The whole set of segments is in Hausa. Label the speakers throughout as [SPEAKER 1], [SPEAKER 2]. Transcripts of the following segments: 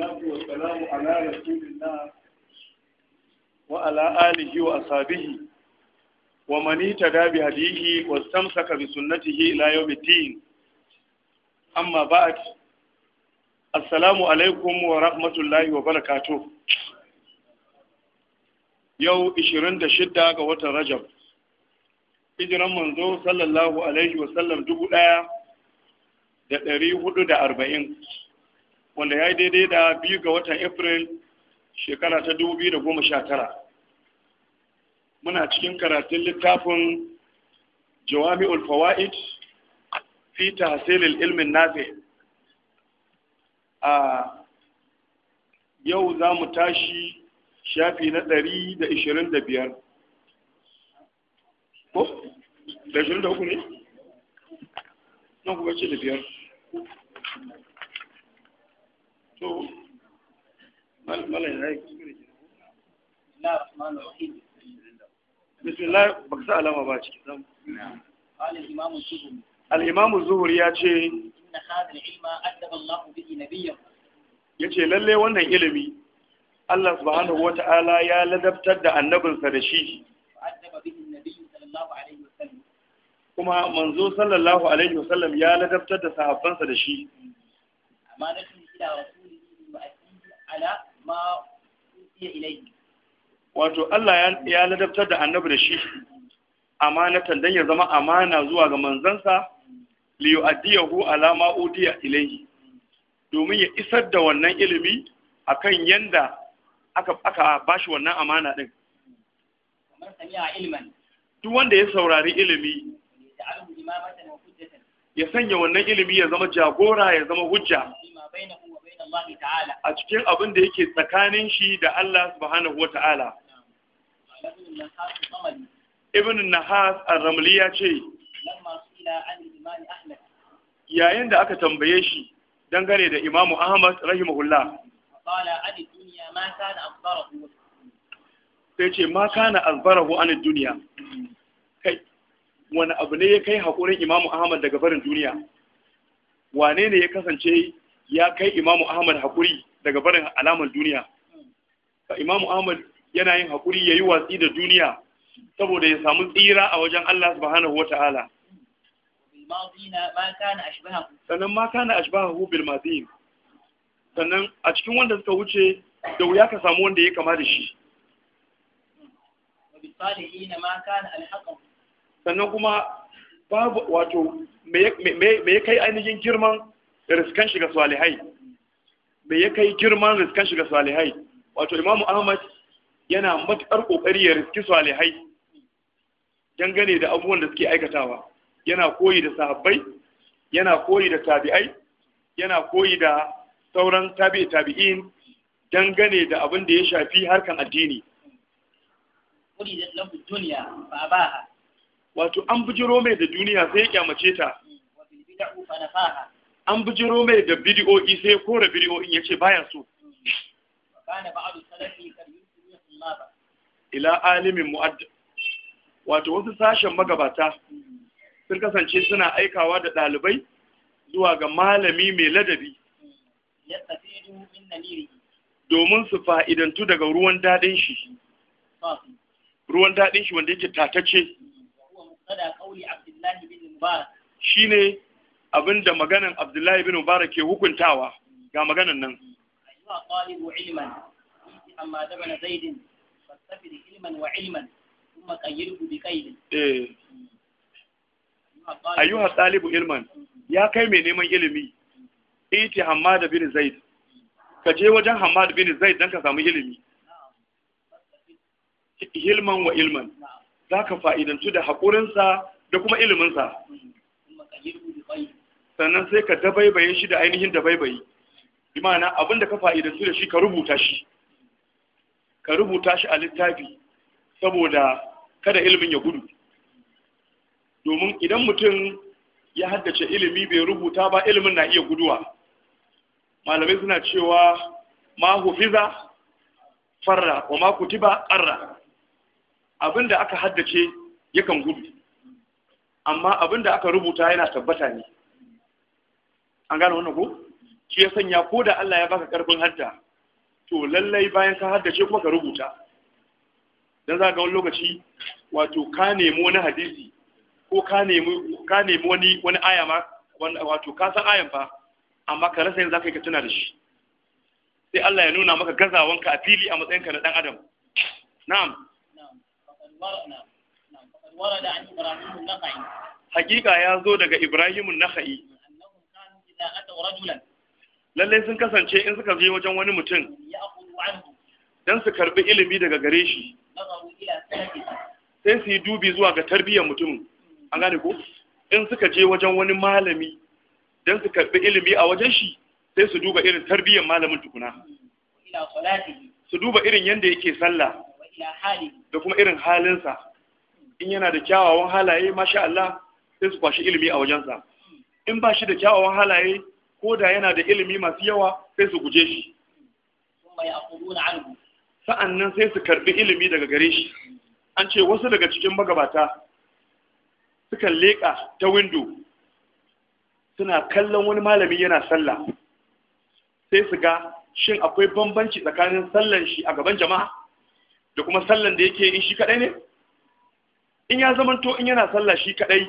[SPEAKER 1] والصلاة والسلام على رسول الله وعلى آله وأصحابه ومن اهتدى بهديه واستمسك بسنته إلى يوم الدين أما بعد السلام عليكم ورحمة الله وبركاته yau 26 ga watan Rajab hijiran manzo sallallahu alaihi wasallam dubu ɗaya da ɗari hudu da arba'in wanda ya yi daidai da biyu ga watan april shekara ta 2019 muna cikin karatun littafin jawami ulfawa'id fi tahsilil ilmin nafi a yau za mu tashi shafi na 125 ko? da 23 ne? nan kuma ce da biyar to malam yayi kuskure ki
[SPEAKER 2] na rahmanir rahim
[SPEAKER 1] bismillah baka sa alama ba ciki zan al-imam az-zuhri ya ce inna
[SPEAKER 2] hadha al-ilma addaba Allah bihi nabiyyan
[SPEAKER 1] yace lalle wannan ilimi Allah subhanahu wata'ala ya ladabtar da annabinsa da shi kuma manzo sallallahu alaihi wasallam ya ladabtar da sahabbansa da shi
[SPEAKER 2] amma na ala ma
[SPEAKER 1] wato Allah ya ladabtar da annabi da shi amanatan dan ya zama amana zuwa ga manzansa li yu'addiyahu ala ma udiya ilayhi domin ya isar da wannan ilimi akan yanda aka aka bashi wannan amana din
[SPEAKER 2] kamar sami'a ilman
[SPEAKER 1] duk wanda ya saurari ilimi ya sanya wannan ilimi ya zama jagora ya zama hujja
[SPEAKER 2] Allah ta'ala
[SPEAKER 1] a cikin abin da yake tsakanin shi da Allah subhanahu wa ta'ala Ibn Nahas al ramli ya ce yayin da aka tambaye shi dangane da Imam Ahmad rahimahullah sai ce ma kana azbarahu an duniya kai wani abu ne ya kai haƙurin Imam Ahmad daga barin duniya wane ne ya kasance ya kai imamu ahmad haƙuri daga barin alamar duniya imamu ahmad yana yin haƙuri ya yi watsi da duniya saboda ya samu tsira a wajen allah subhanahu wa ta'ala sannan ma kana ashbahu bil madin sannan a cikin wanda suka wuce da wuya ka samu wanda ya kama da shi sannan kuma babu wato me ya kai ainihin girman riskan shiga salihai me ya kai girman riskan shiga salihai wato imamu ahmad yana matuƙar ƙoƙari ya riski salihai dangane da abubuwan da suke aikatawa yana koyi da sahabbai yana koyi da tabi'ai yana koyi da sauran tabi'i tabi'in dangane da abin da ya shafi harkan addini wato an bujiro mai da duniya sai ya kyamace ta an bijiro mai da bidiyo'i sai kora bidiyo'in ya ce baya so ila alimin mu'adda wato wasu sashen magabata sun kasance suna aikawa da ɗalibai zuwa ga malami mai ladabi domin su fa'idantu daga ruwan daɗin shi ruwan daɗin shi wanda yake tatace shi ne Abin da maganan Abdullahi bin Mubarak ke hukuntawa ga maganan nan
[SPEAKER 2] Ayyuhar ilman eh
[SPEAKER 1] talibu ilman ya kai mai neman ilimi iti hamada bin zaid ka je wajen Hamada bin zaid don ka samu ilimi hilman wa ilman za ka fa'idantu da haƙurinsa da kuma iliminsa sannan sai ka dabaibaye shi da ainihin dabaibayi bi ma'ana abin da ka fa'idantu da shi ka rubuta shi ka rubuta shi a littafi saboda kada ilimin ya gudu domin idan mutum ya haddace ilimi bai rubuta ba ilimin na iya guduwa malamai suna cewa ma hufiza farra wa ma kutiba Abin abinda aka haddace yakan gudu amma abin da aka rubuta yana tabbata ne an gane wannan ko shi ya sanya ko da Allah ya baka karfin hadda to lallai bayan ka haddace kuma ka rubuta dan za ga wani lokaci wato ka nemi wani hadisi ko ka nemi ka nemi wani wani aya ma wato ka san ayan fa amma ka rasa yin zaka ka tuna da shi sai Allah ya nuna maka gazawanka a fili a matsayinka na dan adam na'am na'am hakika ya zo daga Ibrahimun naqai lallai sun kasance in suka je wajen wani mutum don su karbi ilimi daga gare shi sai su yi dubi zuwa ga tarbiyyar mutumin an gane ko in suka je wajen wani malami don su karbi ilimi a wajen shi sai su duba irin tarbiyyar malamin tukuna su duba irin yadda yake sallah da kuma irin halinsa in yana da kyawawan halaye masha Allah sai su kwashi ilimi a wajensa in ba shi da kyawawan halaye ko da yana da ilimi masu yawa sai su guje shi sa'an nan sai su karbi ilimi daga gare shi an ce wasu daga cikin magabata sukan leƙa ta windo suna kallon wani malami yana sallah sai su ga shin akwai bambanci tsakanin sallan shi a gaban jama'a da kuma sallan da yake yi shi kadai ne in ya zamanto in yana sallah shi kadai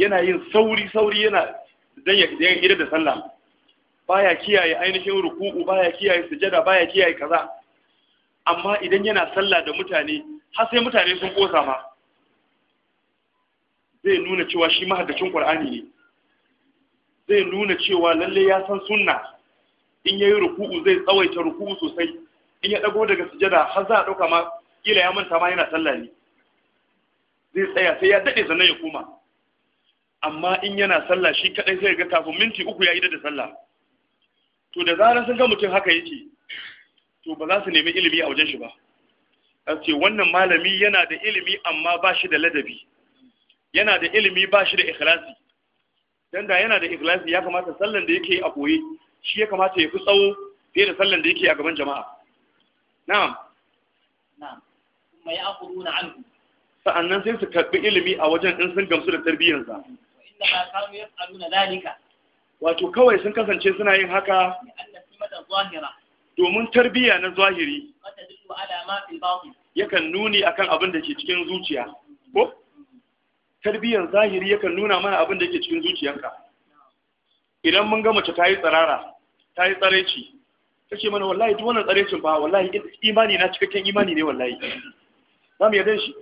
[SPEAKER 1] yana yin sauri sauri yana dan ya gida da sallah baya kiyaye ainihin ruku'u baya kiyaye sujada baya kiyaye kaza amma idan yana sallah da mutane har sai mutane sun kosa ma zai nuna cewa shi mahaddacin qur'ani ne zai nuna cewa lalle ya san sunna in yayi ruku'u zai tsawaita ruku'u sosai in ya dago daga sujada har za a dauka ma kila ya manta ma yana sallah ne zai tsaya sai ya dade sannan ya koma amma in yana sallah shi kadai sai ga kafin minti uku ya yi da sallah to da zarar sun ga mutum haka yake to ba za su nemi ilimi a wajen shi ba a ce wannan malami yana da ilimi amma ba shi da ladabi yana da ilimi ba shi da ikhlasi dan da yana da ikhlasi ya kamata sallan da yake a koye shi ya kamata ya fi tsawo fiye da sallan da yake a gaban jama'a na'am
[SPEAKER 2] na'am mai ya aquluna anhu
[SPEAKER 1] sa'annan sai su karbi ilimi a wajen in sun gamsu da tarbiyyarsa
[SPEAKER 2] ma kanu
[SPEAKER 1] wato kawai sun kasance suna yin haka domin tarbiyya na zahiri yakan nuni akan abin da ke cikin zuciya ko tarbiyyar zahiri yakan nuna mana abin da ke cikin zuciyarka idan mun ga mace ta yi tsarara ta yi tsareci ta ce mana wallahi duk wannan tsarecin ba wallahi imani na cikakken imani ne wallahi za mu yadda shi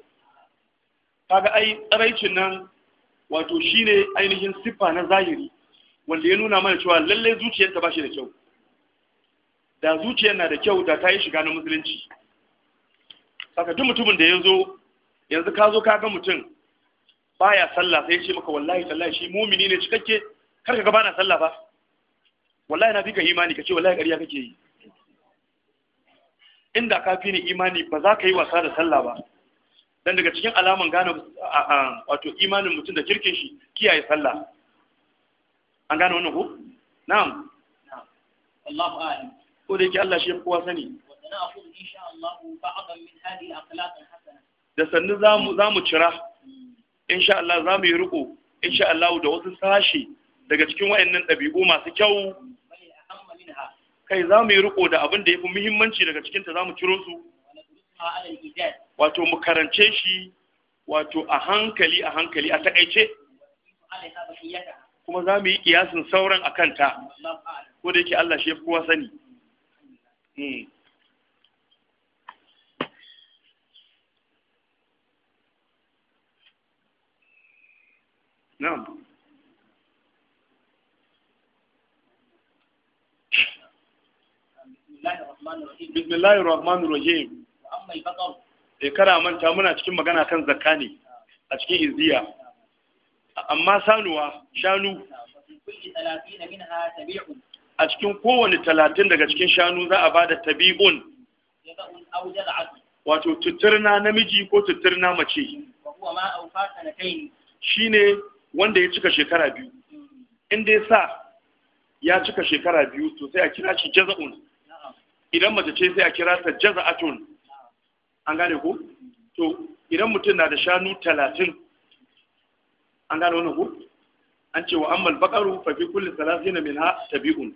[SPEAKER 1] kaga ai tsarecin nan wato shine ainihin siffa na zahiri wanda ya nuna mana cewa lalle zuciyarta ba shi da kyau da zuciyar na da kyau da ta yi shiga na musulunci saka duk mutumin da ya zo yanzu ka zo ka ga mutum baya sallah sai ya ce maka wallahi tallahi shi mumini ne cikakke kar ka ga bana sallah ba wallahi na fi ka imani ka ce wallahi ƙarya kake yi inda ka fi ni imani ba za ka yi wasa da sallah ba dan daga cikin alaman gane wato imanin mutum da kirkin shi kiyaye sallah an gane wannan ko na'am Allahu a'lam ko da yake Allah shi ya kowa sani da sannu za mu cira hmm. insha Allah za mu yi riko insha Allah da wasu sashi daga cikin wayannan ɗabi'u masu kyau kai za mu yi riko da abin da ya fi muhimmanci daga cikinta za mu ciro su wato mu karance shi wato a hankali a hankali a takaice kuma za mu yi kiyasin sauran a kanta ko da yake Allah shi kowa sani hmm. na'am بسم الله الرحمن الرحيم sai eh, kana manta muna cikin magana kan zakka ne a cikin izziya amma sanuwa shanu a cikin kowane talatin daga cikin shanu za a ba da tabi'un wato tutturna namiji ko tutturna mace shi ne wanda ya cika shekara biyu inda ya sa ya cika shekara biyu to sai a kira shi jaza'un idan mace ce sai a kira ta jaza'atun an gane ku to idan mutum na da shanu talatin an gane wani ku an ce wa ammal bakaru fafi kullum talatin na min tabi'un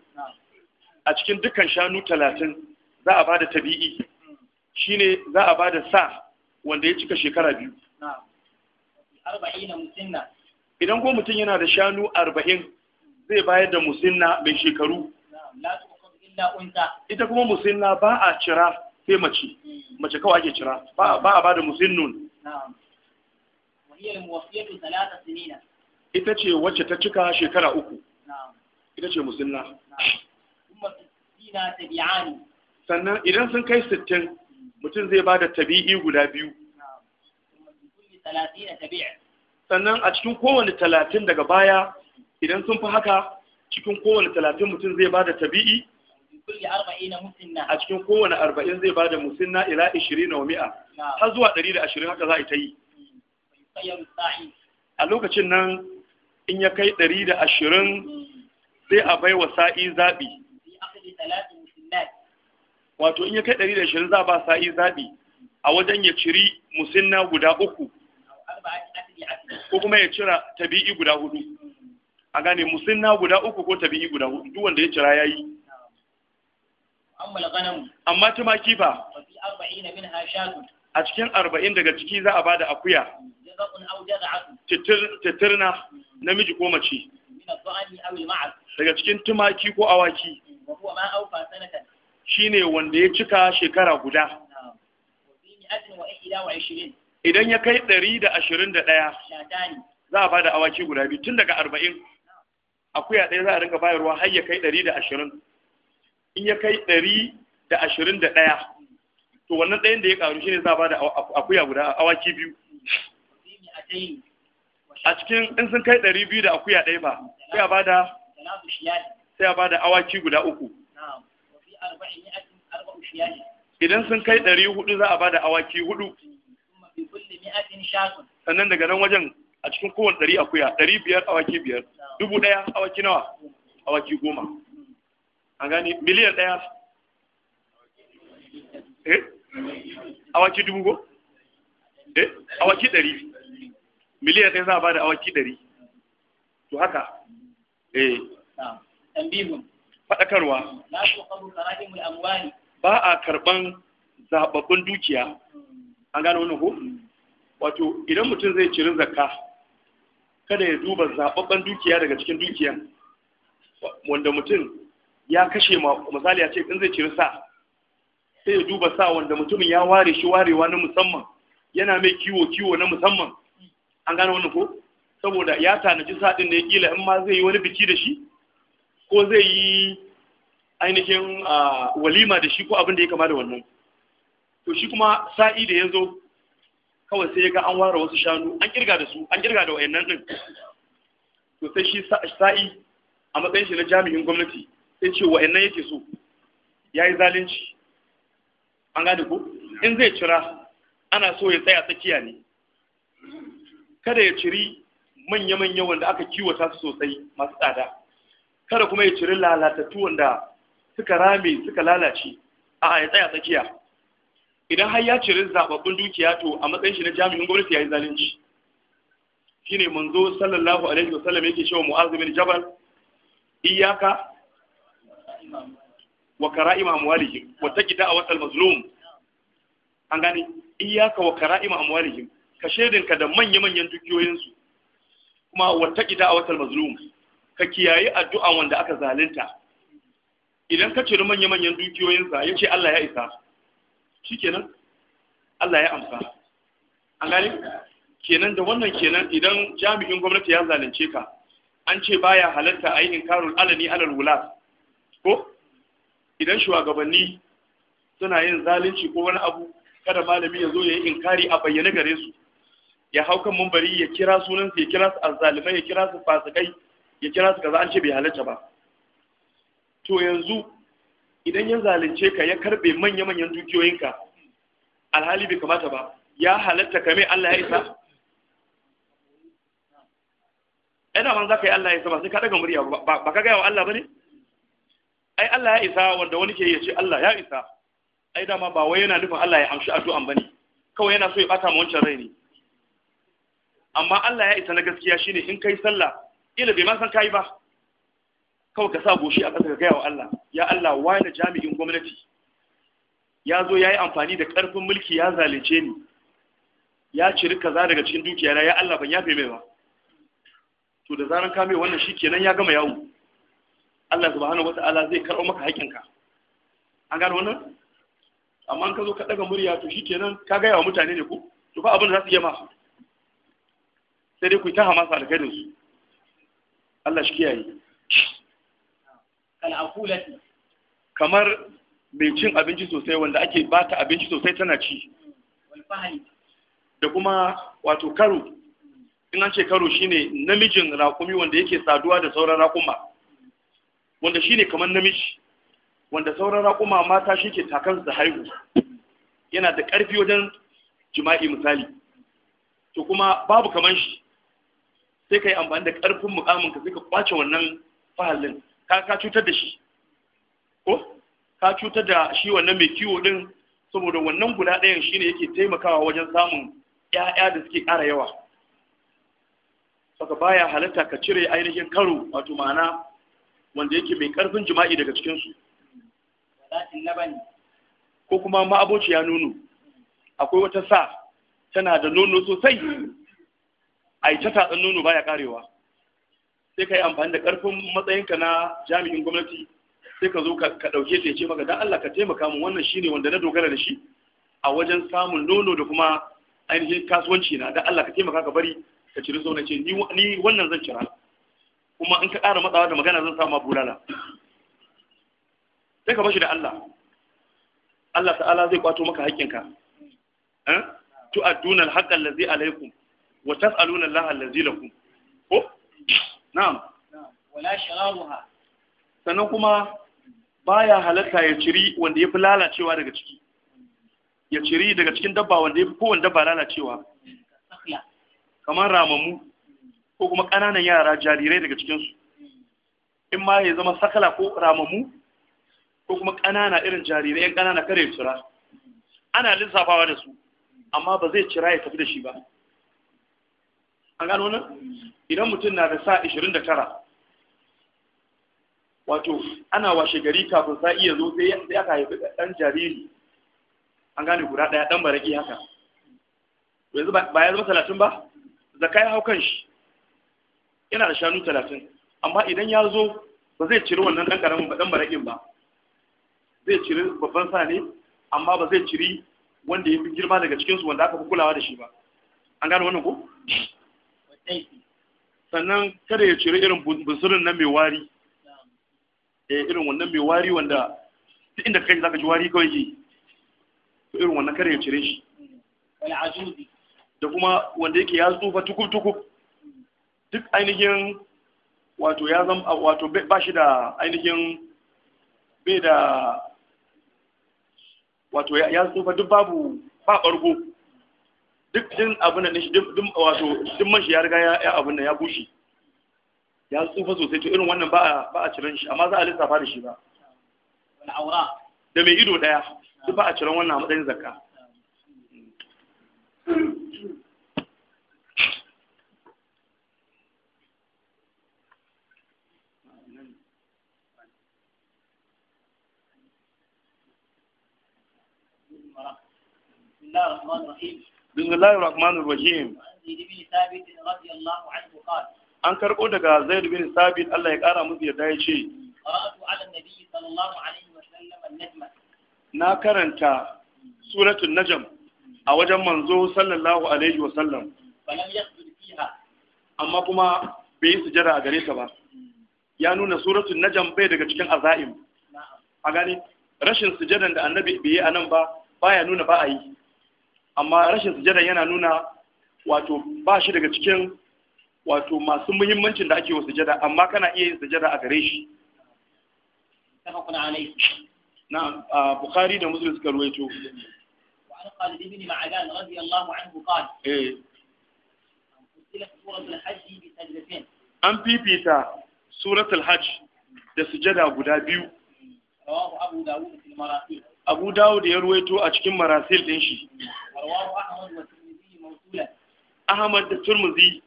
[SPEAKER 1] a cikin dukkan shanu talatin za a bada tabi'i shine za a bada sa wanda ya cika shekara biyu idan ko mutum yana da shanu arba'in zai bayar da musinna mai shekaru ita kuma musinna ba a cira sai mace mace kawai ake cira ba a bada musinnun ita ce wacce ta cika shekara uku ita ce musinna sannan idan sun kai sittin mutum zai ba da tabi'i guda biyu sannan a cikin kowane talatin daga baya idan sun fi haka cikin kowane talatin mutum zai ba da tabi'i kulli arba'ina musinna a cikin kowane arba'in zai bada musinna ila 20 wa mi'a har zuwa 120 haka za a yi ta yi a lokacin nan in ya kai 120 sai a bai wa sa'i zaɓi wato in ya kai 120 za a ba sa'i zaɓi a wajen ya ciri musinna guda uku ko kuma ya cira tabi'i guda hudu a gane musinna guda uku ko tabi'i guda hudu duk wanda ya cira ya yi amma tumaki kifa. a cikin arba'in daga ciki za a ba da akuya titirna namiji ko mace daga cikin tumaki ko awaki Shi ne wanda ya cika shekara guda idan ya kai ɗari da ashirin da ɗaya za a ba da awaki guda biyu tun daga arba'in akuya ɗaya za a ringa bayarwa har ya kai ɗari da ashirin in ya kai ɗari da ashirin da ɗaya to wannan ɗayan da ya ƙaru shi ne za a ba da akuya guda awaki biyu a cikin in sun kai ɗari biyu da akuya ɗaya ba sai a ba da sai a ba da awaki guda uku idan sun kai ɗari hudu za a ba da awaki hudu sannan daga nan wajen a cikin kowane ɗari akuya ɗari biyar awaki biyar dubu ɗaya awaki nawa awaki goma an gani miliyan ɗaya eh awaki dubu ko eh awaki ɗari miliyan ɗaya za a bada awaki ɗari to haka eh faɗakarwa ba a karɓan zaɓaɓɓun dukiya an gano wani ko wato idan mutum zai ciri zakka kada ya duba zaɓaɓɓen dukiya daga cikin dukiyan wanda mutum ya kashe misali ya ce in zai ciri sa sai ya duba sa wanda mutumin ya ware shi warewa na musamman yana mai kiwo kiwo na musamman an gane wani ko saboda ya tanaji sa din da ya kila in ma zai yi wani biki da shi ko zai yi ainihin walima da shi ko abin da ya kama da wannan to shi kuma sa'i da ya zo kawai sai ya ga an ware wasu shanu an kirga da su an kirga da wayannan din to sai shi sa'i a matsayin shi na jami'in gwamnati sai ce wa'annan yake so ya yi zalunci an gane ko in zai cira ana so ya tsaya tsakiya ne kada ya ciri manya-manya wanda aka kiwata su sosai masu tsada kada kuma ya ciri lalatattu wanda suka rame suka lalace a ya tsaya tsakiya idan har ya ciri zababbun dukiya to a matsayin shi na jami'in gwamnati ya yi zalunci shine manzo sallallahu alaihi wasallam yake cewa mu'azimin jabal iyaka wa kara'im amwalihim wa taqi da'awat al-mazlum an gane iyyaka wa kara'im amwalihim ka ka da manya-manyan dukiyoyinsu kuma wa taqi da'awat al-mazlum ka kiyaye addu'a wanda aka zalunta idan ka ciri manya-manyan dukiyoyinsa sa ce Allah ya isa shikenan Allah ya amsa an gane kenan da wannan kenan idan jami'in gwamnati ya zalunce ka an ce baya halatta a yi inkarul alani alal wulat ko idan shugabanni suna yin zalunci ko wani abu kada malami ya zo ya yi inkari a bayyane gare su ya hau kan mumbari ya kira sunansu ya kira su azzalimai ya kira su fasikai ya kira su kaza an ce bai halarta ba to yanzu idan ya zalunce ka ya karbe manya-manyan dukiyoyinka alhali bai kamata ba ya halatta ka mai Allah ya isa ina man za ka yi Allah ya isa ba sai ka daga murya ba ka gaya wa Allah ba ne ai Allah ya isa wanda wani ke yace Allah ya isa ai dama ba wai yana nufin Allah ya amshi addu'an bane kawai yana so ya bata mu wancan rai ne amma Allah ya isa na gaskiya shine in kai sallah ila bai ma san kai ba kawai ka sa goshi a ƙasa ka gaya wa Allah ya Allah wani jami'in gwamnati ya zo ya yi amfani da ƙarfin mulki ya zalunce ni ya ciri kaza daga cikin dukiya na ya Allah ban yafe mai ba to da zaran ka mai wannan shikenan ya gama yawo Allah subhanahu wata'ala zai karɓo maka haƙinka an gano wannan amma ka zo ka ɗaga murya to shikenan ka gaya wa mutane ne ku to fa abin da za su iya ma sai dai ku yi ta hamasa su su Allah shi kiyaye kal akulati kamar mai cin abinci sosai wanda ake ba ta abinci sosai tana ci da kuma wato karo in an ce karo shine namijin raƙumi wanda yake saduwa da sauran raƙuma wanda shi ne kamar namiji wanda sauran raƙuma mata shi ke takan haihu yana da ƙarfi wajen jima'i misali to kuma babu kamar shi sai ka yi amfani da ƙarfin mukamin ka sai ka kwace wannan fahalin ka ka cutar da shi ko ka cutar da shi wannan mai kiwo din saboda wannan guda ɗayan shi ne yake taimakawa wajen samun 'ya'ya da suke ƙara yawa saka baya halatta ka cire ainihin karo wato ma'ana wanda yake mai karfin jima'i daga cikin su ko kuma ya nono akwai wata sa tana da nono sosai a yi ta tatsan nono baya karewa sai ka yi amfani da karfin matsayinka na jami'in gwamnati sai ka zo ka ɗauke ta ce maka dan Allah ka taimaka mu wannan shine wanda na dogara da shi a wajen samun nono da kuma ainihin kasuwanci na dan Allah ka taimaka ka bari ka ciri zaune ce ni wannan zan cira kuma in ka ƙara matsawa da magana zan samu bulala sai ka bashi da Allah Allah ta'ala zai kwato maka haƙƙinka eh? tu adunal haqqal ladzi alaykum wa tas'aluna Allah alladhi lakum ko na'am
[SPEAKER 2] wala shararuha
[SPEAKER 1] sannan kuma baya halatta ya ciri wanda yafi lalacewa daga ciki ya ciri daga cikin dabba wanda yafi kowanne dabba lalacewa kamar ramamu ko kuma ƙananan yara jarirai daga cikinsu in ma ya zama sakala ko ramamu ko kuma ƙanana irin jarirai yan ƙanana kare cira ana lissafawa da su amma ba zai cira ya tafi da shi ba an gano nan idan mutum na da sa 29 wato ana washe gari kafin sa iya zo sai aka haifi ɗan jariri an gane guda ɗaya ɗan baraki haka ba ya zama talatin ba zaka ya hau shi yana da shanu talatin amma idan ya zo ba zai ciri wannan ɗan ƙaramin ba ɗan baraƙin ba zai ciri babban sa ne amma ba zai ciri wanda ya fi girma daga cikinsu wanda aka fi kulawa da shi ba an gano wannan ko sannan kada ya ciri irin bunsurin nan mai wari eh irin wannan mai wari wanda duk inda kai zaka ji wari kawai ke irin wannan kada ya cire shi da kuma wanda yake ya tsufa tukub tukub duk ainihin wato ya zama wato ba shi da ainihin bai da wato ya tsufa duk babu ba ɓargo duk din abin da shi duk wato duk man shi ya riga ya abin da ya bushe ya tsufa sosai to irin wannan ba a ciran shi amma za a lissafa da shi ba da mai ido daya duk ba a ciran wannan a matsayin zakka
[SPEAKER 2] الله الرحمن الرحيم
[SPEAKER 1] بسم الله الرحمن زيد
[SPEAKER 2] بن ثابت الله عنه قال
[SPEAKER 1] an karɓo daga zaid bin sabit Allah ya ƙara musu yarda ya ce na karanta suratul najm a wajen manzo sallallahu alaihi wa sallam amma kuma bai yi sujada a gare ta ba ya nuna suratul najm bai daga cikin azaim a gani rashin sujadan da annabi bai yi anan ba baya nuna ba a yi amma rashin sujada yana nuna wato ba shi daga cikin wato masu muhimmancin da ake wa sujada amma kana iya yin sujada a gare shi na bukhari da musulun suka ruwaito
[SPEAKER 2] وعن eh.
[SPEAKER 1] an fifita suratul hajj da sujada guda biyu
[SPEAKER 2] rawahu abu dawud fil maratib
[SPEAKER 1] abu dawud ya ruwaito a cikin marasil din shi ahmad da turmuzi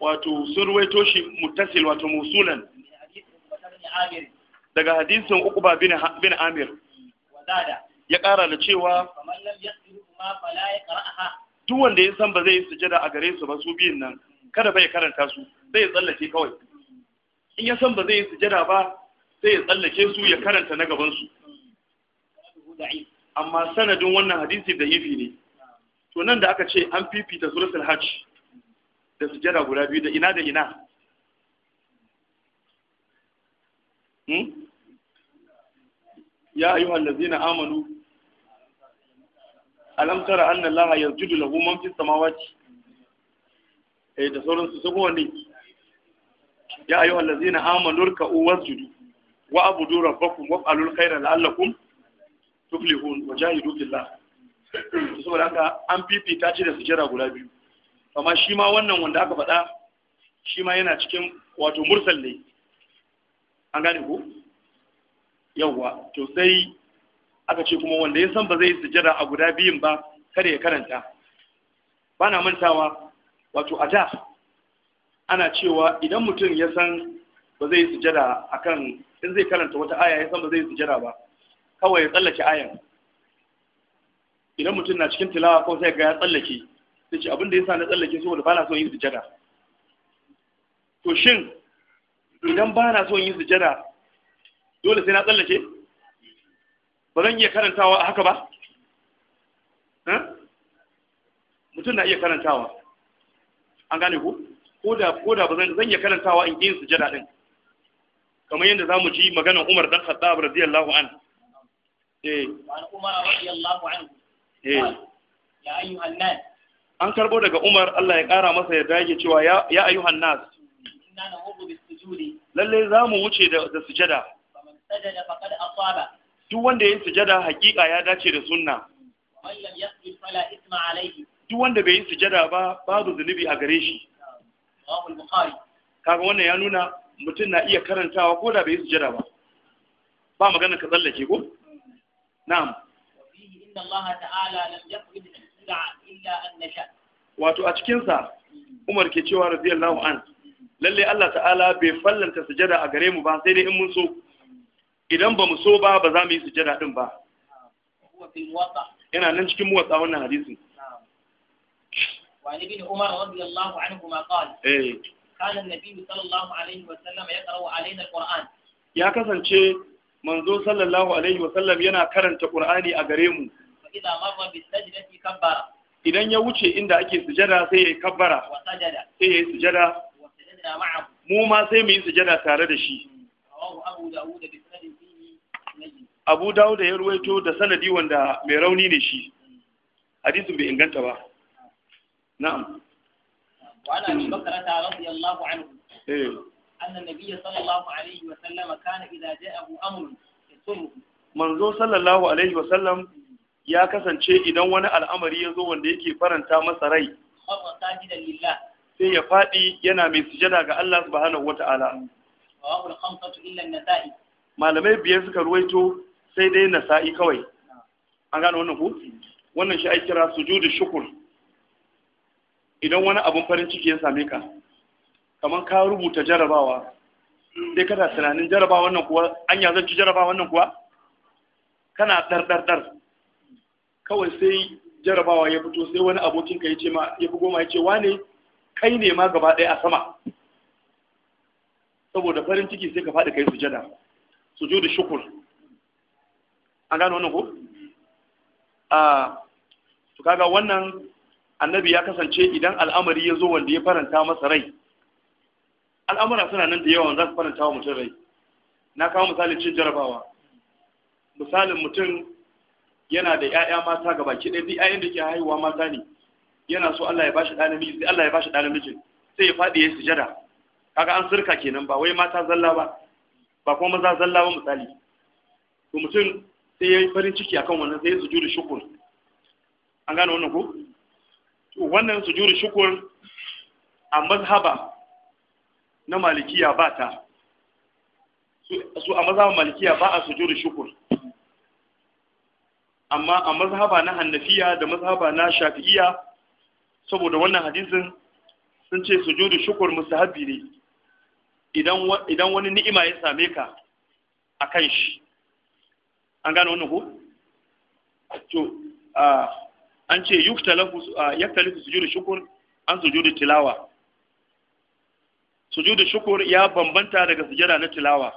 [SPEAKER 1] wato sun ruwaito shi muttasil wato musulan daga hadisin uqba bin bin amir ya ƙara da cewa duk wanda ya san ba zai yi sujada a gare su ba su biyun nan kada bai karanta su sai ya tsallake kawai in ya san ba zai yi sujada ba sai ya tsallake su ya karanta na gaban su amma sanadin wannan hadisi da yifi ne to nan da aka ce an fifita suratul hajj da sujada guda biyu da ina da ina hmm? ya ayyuhan lazina amanu alam tara anna allaha yajudu lahu man fis samawati eh da sauran su sabo ne ya ayyuhan ladzina amanu ruk'u wasjudu wa abudu rabbakum waf'alul khaira la'allakum tuflihun wa jahidu billah to saboda haka an fifita ce da sujjada guda biyu amma shi ma wannan wanda aka faɗa shi ma yana cikin wato mursal ne an gane ko yawwa to sai aka ce kuma wanda ya san ba zai sujjada a guda biyun ba kada ya karanta ba na mantawa wato a da ana cewa idan mutum ya san ba zai sujada akan in zai karanta wata aya ya san ba zai sujada ba kawai ya tsallake ayan idan mutum na cikin tilawa kawai sai ga ya tsallake sai ce abin da yasa na tsallake saboda ba na so yin sujada to shin idan ba na so yin sujada dole sai na tsallake ba zan iya karantawa a haka ba mutum na iya karantawa an gane ku ko da ko da ba zan iya karantawa in yin sujada din kamar yadda zamu ji maganar Umar dan Khattab radiyallahu anhu an karbo daga umar Allah ya kara masa ya dage cewa ya ayyuhan nas lalle za mu wuce da sujada duk wanda ya sujada hakika ya dace da sunna duk wanda bai yi sujada ba babu zunubi a gare shi kaga wannan ya nuna mutum na iya karantawa ko da bai yi sujada ba ba magana ka tsallake ko na'am wato a cikinsa umar ke cewa radiyallahu an lalle Allah ta'ala bai fallanta sujada a gare mu ba sai dai in mun so idan ba mu so ba ba za mu yi sujada din ba yana nan cikin muwatsa wannan hadisin eh. ya kasance manzo sallallahu alaihi wa sallam yana karanta qur'ani a gare mu idan ya wuce inda ake sujada sai ya kabbara sai ya yi sujada mu ma sai mu yi sujada tare da shi abu dawud ya ruwaito da sanadi wanda mai rauni ne shi hadisin bai inganta ba na'am
[SPEAKER 2] wa ana radiyallahu anhu eh أن النبي صلى الله عليه وسلم كان إذا جاءه أمر
[SPEAKER 1] manzo sallallahu alaihi wasallam ya kasance idan wani al'amari ya zo wanda yake faranta masa rai sai ya faɗi yana mai sujada ga Allah subhanahu wata'ala malamai biyar suka ruwaito sai dai nasa'i kawai an gano wannan ku wannan shi ai kira sujudu shukur idan wani abun farin ciki ya same ka kamar ka rubuta jarabawa sai kana tunanin jarabawa wannan kuwa anya zan ci jarabawa wannan kuwa kana dar dar dar kawai sai jarabawa ya fito sai wani abokin ka yace ma ya bugo ma yace wane kai ne ma gaba ɗaya a sama saboda farin ciki sai ka faɗi kai sujada sujudu shukur an gano wannan ko a to kaga wannan annabi ya kasance idan al'amari ya zo wanda ya faranta masa rai al'amura suna nan da yawa za su faranta wa mutum rai na kawo misalin cin jarabawa misalin mutum yana da 'ya'ya mata ga baki ɗaya duk 'ya'yan da ke haihuwa mata ne yana so Allah ya bashi shi ɗanin miji Allah ya bashi ɗa namiji sai ya faɗi ya sujada kaga an sirka kenan ba wai mata zalla ba ba kuma maza zalla ba misali to mutum sai ya yi farin ciki akan wannan sai ya sujudu shukur an gane wannan ko wannan sujudu shukur a mazhaba na malikiya ba ta su a mazhaban malikiya ba a sujudu shukur amma a mazhaba na hannafiya da mazhaba na shafi'iya saboda wannan hadisin sun ce sujudu shukur mustahabbi ne idan wani ni'ima ya same ka a kan shi an gane wannan ko to an ce yaktalifu sujudu shukur an sujudu tilawa sujudu shukur ya bambanta daga sujada na tilawa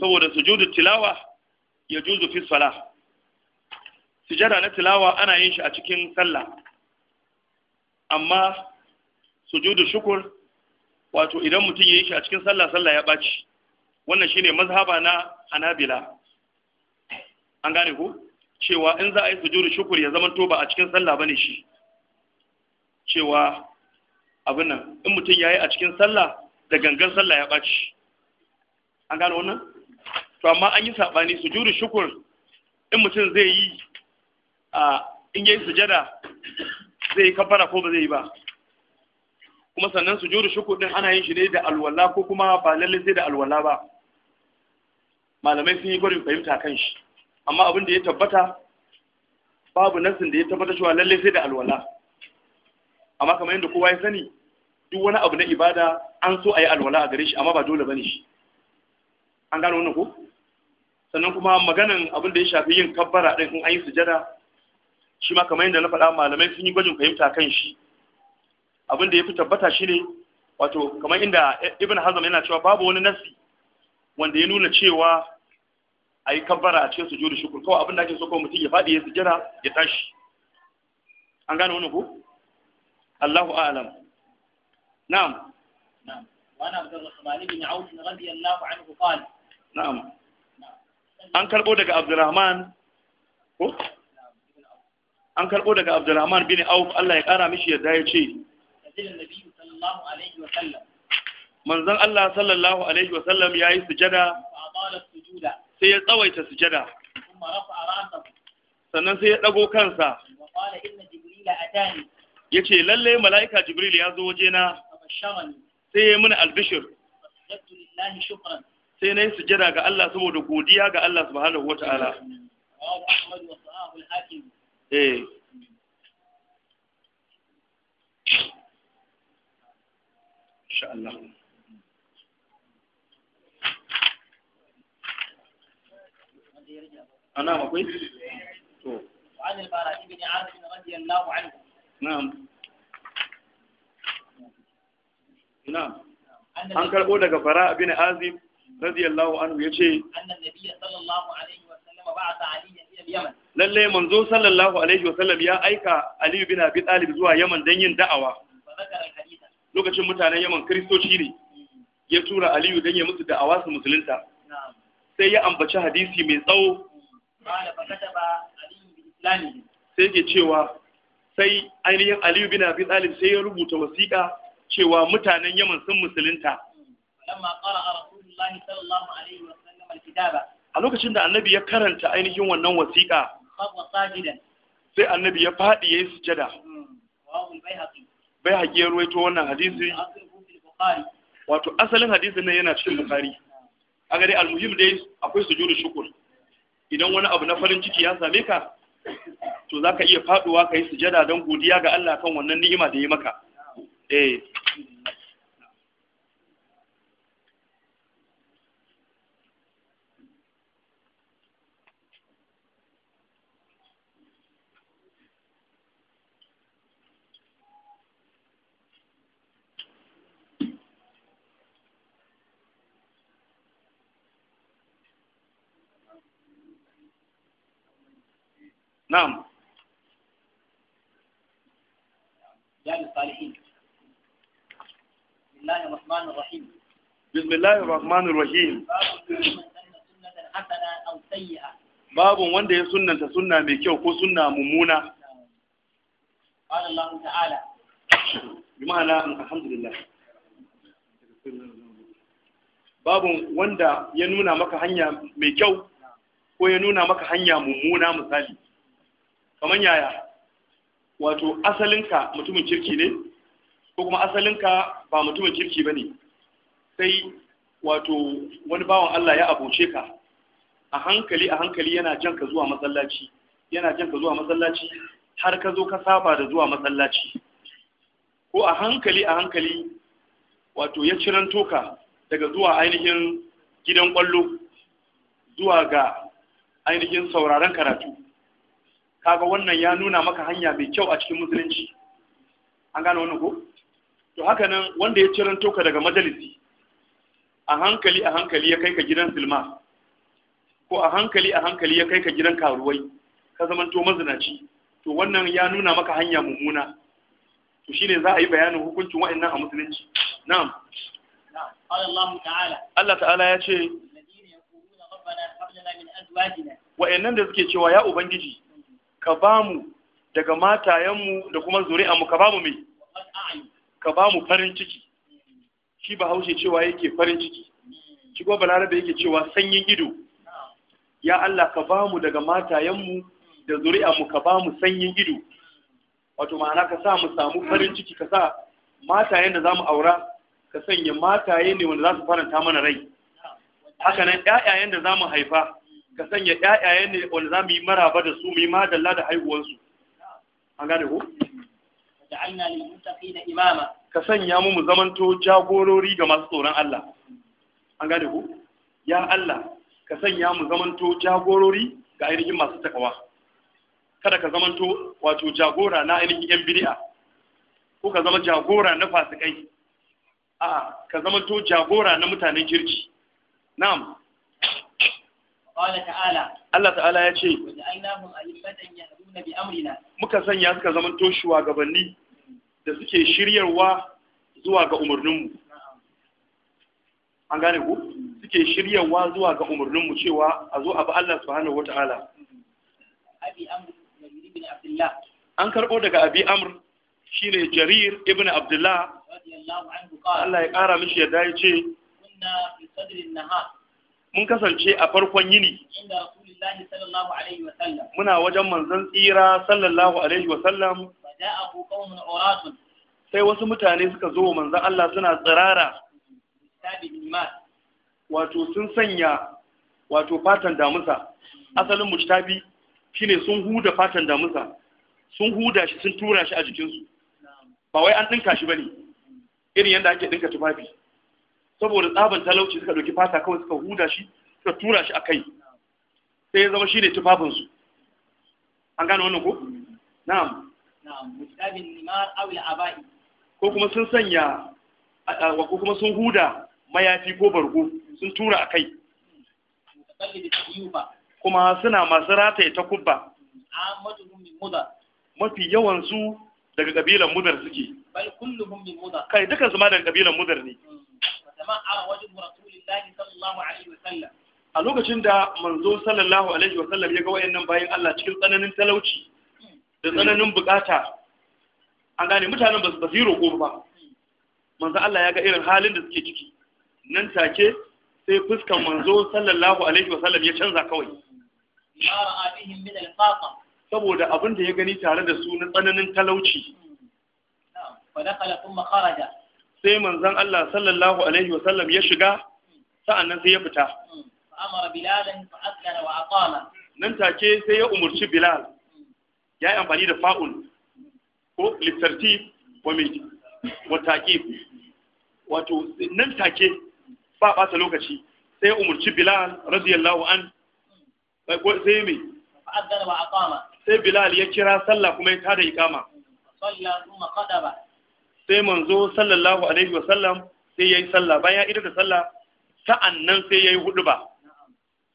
[SPEAKER 1] saboda sujudu tilawa ya juzu fi sala sujada na tilawa ana yin shi a cikin sallah amma sujudu shukur wato idan mutum ya yi shi a cikin sallah sallah ya ɓaci wannan shine mazhaba na hanabila an gane ku cewa in za a yi sujudu shukur ya zama toba a cikin sallah bane shi cewa abin nan in mutum ya yi a cikin sallah da gangan sallah ya ɓaci an gano wannan to amma an yi saɓani su juri shukur in mutum zai yi a in yi sujada zai yi kabbara ko ba zai yi ba kuma sannan su juri shukur din ana yin shi ne da alwala ko kuma ba lallai zai da alwala ba malamai sun yi gwarin fahimta kan shi amma abin da ya tabbata babu nasin da ya tabbata cewa lallai sai da alwala amma kamar yadda kowa ya sani duk wani abu na ibada an so a yi alwala a gare shi amma ba dole ba ne shi an gano wannan ko sannan kuma maganan abin da ya shafi yin kabbara ɗin in an yi sujada shi ma kamar yadda na faɗa malamai sun yi gwajin fahimta kan shi abin da ya fi tabbata shi ne, wato kamar inda ibn hazam yana cewa babu wani nasi wanda ya nuna cewa a yi kabbara a cikin sujudu shukur kawai abin da ake so kawai mutum ya faɗi ya sujada ya tashi an gano wannan ko Allahu a'lam na'am
[SPEAKER 2] na'am wa ana Abdurrahman ibn Auf radiyallahu anhu qala na'am
[SPEAKER 1] an karbo daga Abdurrahman ko an karbo daga Abdurrahman bin Auf Allah ya kara mishi yadda ya ce manzon Allah sallallahu alaihi wa sallam yayi sujada sai ya tsawaita sujada sannan sai ya ɗago kansa ya ce lalle mala'ika jibril ya zo waje na sai ya mini albishir sai na yi sujada ga Allah saboda godiya ga Allah subhanahu wata'ala eh
[SPEAKER 2] insha Allah ana akwai to وعن البراء بن عازب rajiyar الله عنه
[SPEAKER 1] na'am na'am an karbo daga fara bin Azim radiyallahu anhu yace
[SPEAKER 2] annan nabiyyi sallallahu alaihi wa sallam ba'atha ila
[SPEAKER 1] yaman lalle manzo sallallahu alaihi wa sallam ya aika ali bin abi talib zuwa yaman dan yin da'awa lokacin mutanen yaman kristoci ne ya tura aliyu dan ya musu da'awa su musulunta sai ya ambaci hadisi mai tsawo sai ke cewa sai ainihin aliyu bin abi talib sai ya rubuta wasiƙa cewa mutanen yaman sun musulunta a lokacin da annabi ya karanta ainihin wannan wasiƙa sai annabi ya faɗi ya yi sujada hmm, bai haƙi ya ruwaito wannan hadisi wato asalin hadisin nan yana cikin bukari a gari almuhim dai akwai sujudu shukur idan wani abu na farin ciki ya same ka to za ka iya faduwa yi sujada don godiya ga Allah kan wannan ni'ima da ya maka eh Na'am.
[SPEAKER 2] رياض الصالحين
[SPEAKER 1] بسم الله الرحمن wanda ya sunnanta sunna mai kyau ko sunna mummuna قال wanda ya nuna maka hanya mai kyau ko ya nuna maka hanya mummuna misali yaya wato asalinka mutumin kirki ne ko kuma asalinka ba mutumin kirki ba ne sai wato wani bawan Allah ya abuce ka a hankali a hankali yana jan ka zuwa masallaci yana jan ka zuwa masallaci har ka zo ka saba da zuwa masallaci ko a hankali a hankali wato ya ciranto ka daga zuwa ainihin gidan kwallo zuwa ga ainihin sauraron karatu kaga wannan ya nuna maka hanya mai kyau a cikin musulunci an gane wannan ko to haka nan wanda ya ciranto ka daga majalisi a hankali a hankali ya kai ka gidan silma ko a hankali a hankali ya kai ka gidan karuwai ka zamanto mazinaci to wannan ya nuna maka hanya mummuna to shine za a yi bayanin hukuncin wa'annan a musulunci na'am
[SPEAKER 2] Allah
[SPEAKER 1] ta'ala ya ce wa'annan da suke cewa ya ubangiji ka ba mu daga matayenmu da kuma zuri'anmu ka ba mu mai ka ba mu farin ciki shi ba haushe cewa yake farin ciki shi kuma balarabe yake cewa sanyin ido ya Allah ka ba mu daga matayenmu da zuri'anmu ka ba mu sanyin ido wato ma'ana ka sa mu samu farin ciki ka sa matayen da za mu aura ka sanya mataye ne wanda za su faranta mana rai haka nan ƴaƴayen da za mu haifa ka sanya ƴaƴaye ne wanda za mu yi maraba da su mu yi madalla da haihuwansu an gane ko ka sanya mu mu zamanto jagorori ga masu tsoron Allah an gane ko ya Allah ka sanya mu zamanto jagorori ga ainihin masu takawa kada ka zamanto wato jagora na ainihin yan bid'a ko ka zama jagora na fasikai a ka zamanto jagora na mutanen kirki na'am
[SPEAKER 2] Allah
[SPEAKER 1] ta'ala ya ce, Muka sanya suka zaman toshuwa gabanni da suke shiryarwa zuwa ga umarninmu. An gane ku? Suke shiryarwa zuwa ga umarninmu cewa a zo abu Allah subhanahu wa ta'ala. An karɓo daga Abi amur shi ne Jarir ibn Abdullah.
[SPEAKER 2] Allah ya ƙara mishi
[SPEAKER 1] yadda ya ce, mun kasance a farkon yini muna wajen manzon tsira sallallahu alaihi wa sallam sai wasu mutane suka zo manzon Allah suna tsirara wato sun sanya wato fatan damusa asalin mujtabi shine sun huda fatan damusa sun huda shi sun tura shi a jikinsu ba wai an dinka shi bane irin yadda ake dinka tufafi saboda tsaban talauci suka ɗauki fata kawai suka huda shi suka tura shi a kai sai ya zama shi ne tufafinsu an gane wannan ko na'am ko kuma sun sanya ko kuma sun huda mayafi ko bargo sun tura a kai kuma suna masu rataye ta kubba mafi yawansu daga ƙabilan mudar suke kai dukansu ma daga ƙabilan mudar ne mm. a lokacin da manzo sallallahu alaihi wa sallam ya ga wayannan bayan Allah cikin tsananin talauci da tsananin bukata an gane mutanen ba su ba roƙo ba manzo Allah ya ga irin halin da suke ciki nan take sai fuskan manzo sallallahu alaihi wa sallam ya canza kawai saboda abin da ya gani tare da su na tsananin talauci
[SPEAKER 2] kharaja
[SPEAKER 1] sai manzon Allah sallallahu alaihi wa sallam ya shiga sa'annan sai ya fita
[SPEAKER 2] amara bilalan fa wa aqala
[SPEAKER 1] nan take sai ya umurci bilal ya yi amfani da fa'ul ko littartif wa mai wa take wato nan take ba ɓata lokaci sai ya umurci bilal radiyallahu an ko sai mai sai bilal ya kira sallah kuma ya tada ikama sai manzo sallallahu alaihi wa sallam sai yayi sallah bayan ya idda da sallah sa'annan sai yayi huduba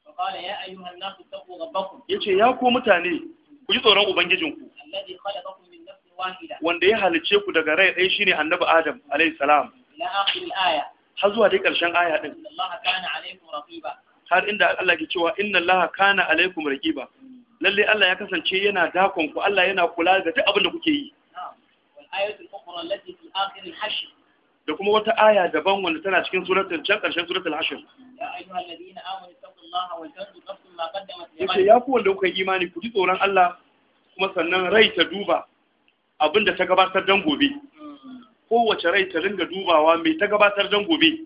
[SPEAKER 2] فقال ya أيها الناس اتقوا ربكم
[SPEAKER 1] يجي يا كو متاني ku ji tsoron ubangijinku
[SPEAKER 2] الذي خلقكم من نفس wahida. wanda ya
[SPEAKER 1] halice ku daga rai ɗaya shine annabi Adam alayhi salam ila akhir al-aya har zuwa dai ƙarshen aya din Allah
[SPEAKER 2] kana alaikum raqiba
[SPEAKER 1] har inda Allah ke cewa inna Allah kana alaikum raqiba lalle Allah ya kasance yana dakon ku Allah yana kula da duk abin da kuke yi
[SPEAKER 2] ayatul ukhra allati fi akhir al-hashr
[SPEAKER 1] da kuma wata aya daban wanda tana cikin suratul can karshen suratul hashr
[SPEAKER 2] ya ayyuhal ladina amanu taqullaha wa tanzu nafsun ma qaddamat ya
[SPEAKER 1] ku wanda kuka yi imani ku ji tsoron Allah kuma sannan rai ta duba abinda ta gabatar dan gobe
[SPEAKER 2] mm.
[SPEAKER 1] kowace rai ta ringa dubawa mai ta gabatar dan gobe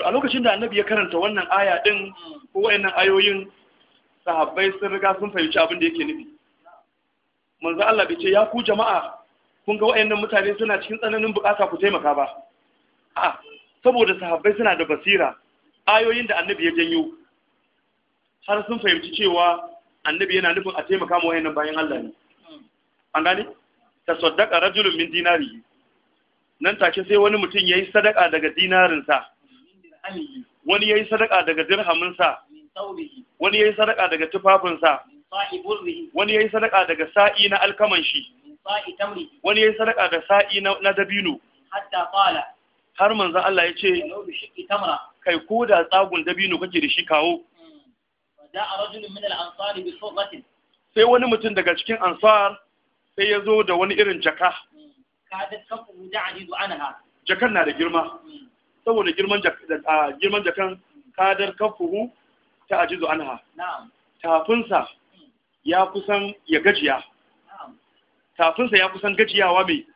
[SPEAKER 1] to a lokacin da annabi ya karanta wannan aya din mm. ko wayannan ayoyin sahabbai sun riga sun fahimci abin da yake nufi manzo Allah bai ce ya ku jama'a kun ga wayannan mutane suna cikin tsananin bukata ku taimaka ba a saboda sahabbai suna da basira ayoyin da annabi ya janyo har sun fahimci cewa annabi yana nufin a taimaka ma wayannan bayan Allah ne an gane tasaddaqa rajulun min dinari nan take sai wani mutum yayi sadaka daga dinarinsa wani yayi sadaka daga sa wani yayi sadaka daga tufafinsa wani ya yi sadaka daga sa'i na alkaman shi wani ya yi sadaka da sa'i na dabino har manzo Allah ya ce kai ko da tsagun dabino kake da shi kawo hmm. sai wani mutum daga cikin ansar sai ya zo da wani irin jaka hmm. jakan na da girma hmm. saboda girman jakan kadar kafuhu ta ajizu anha tafinsa ya kusan ya gajiya tafinsa ya kusan gajiyawa mai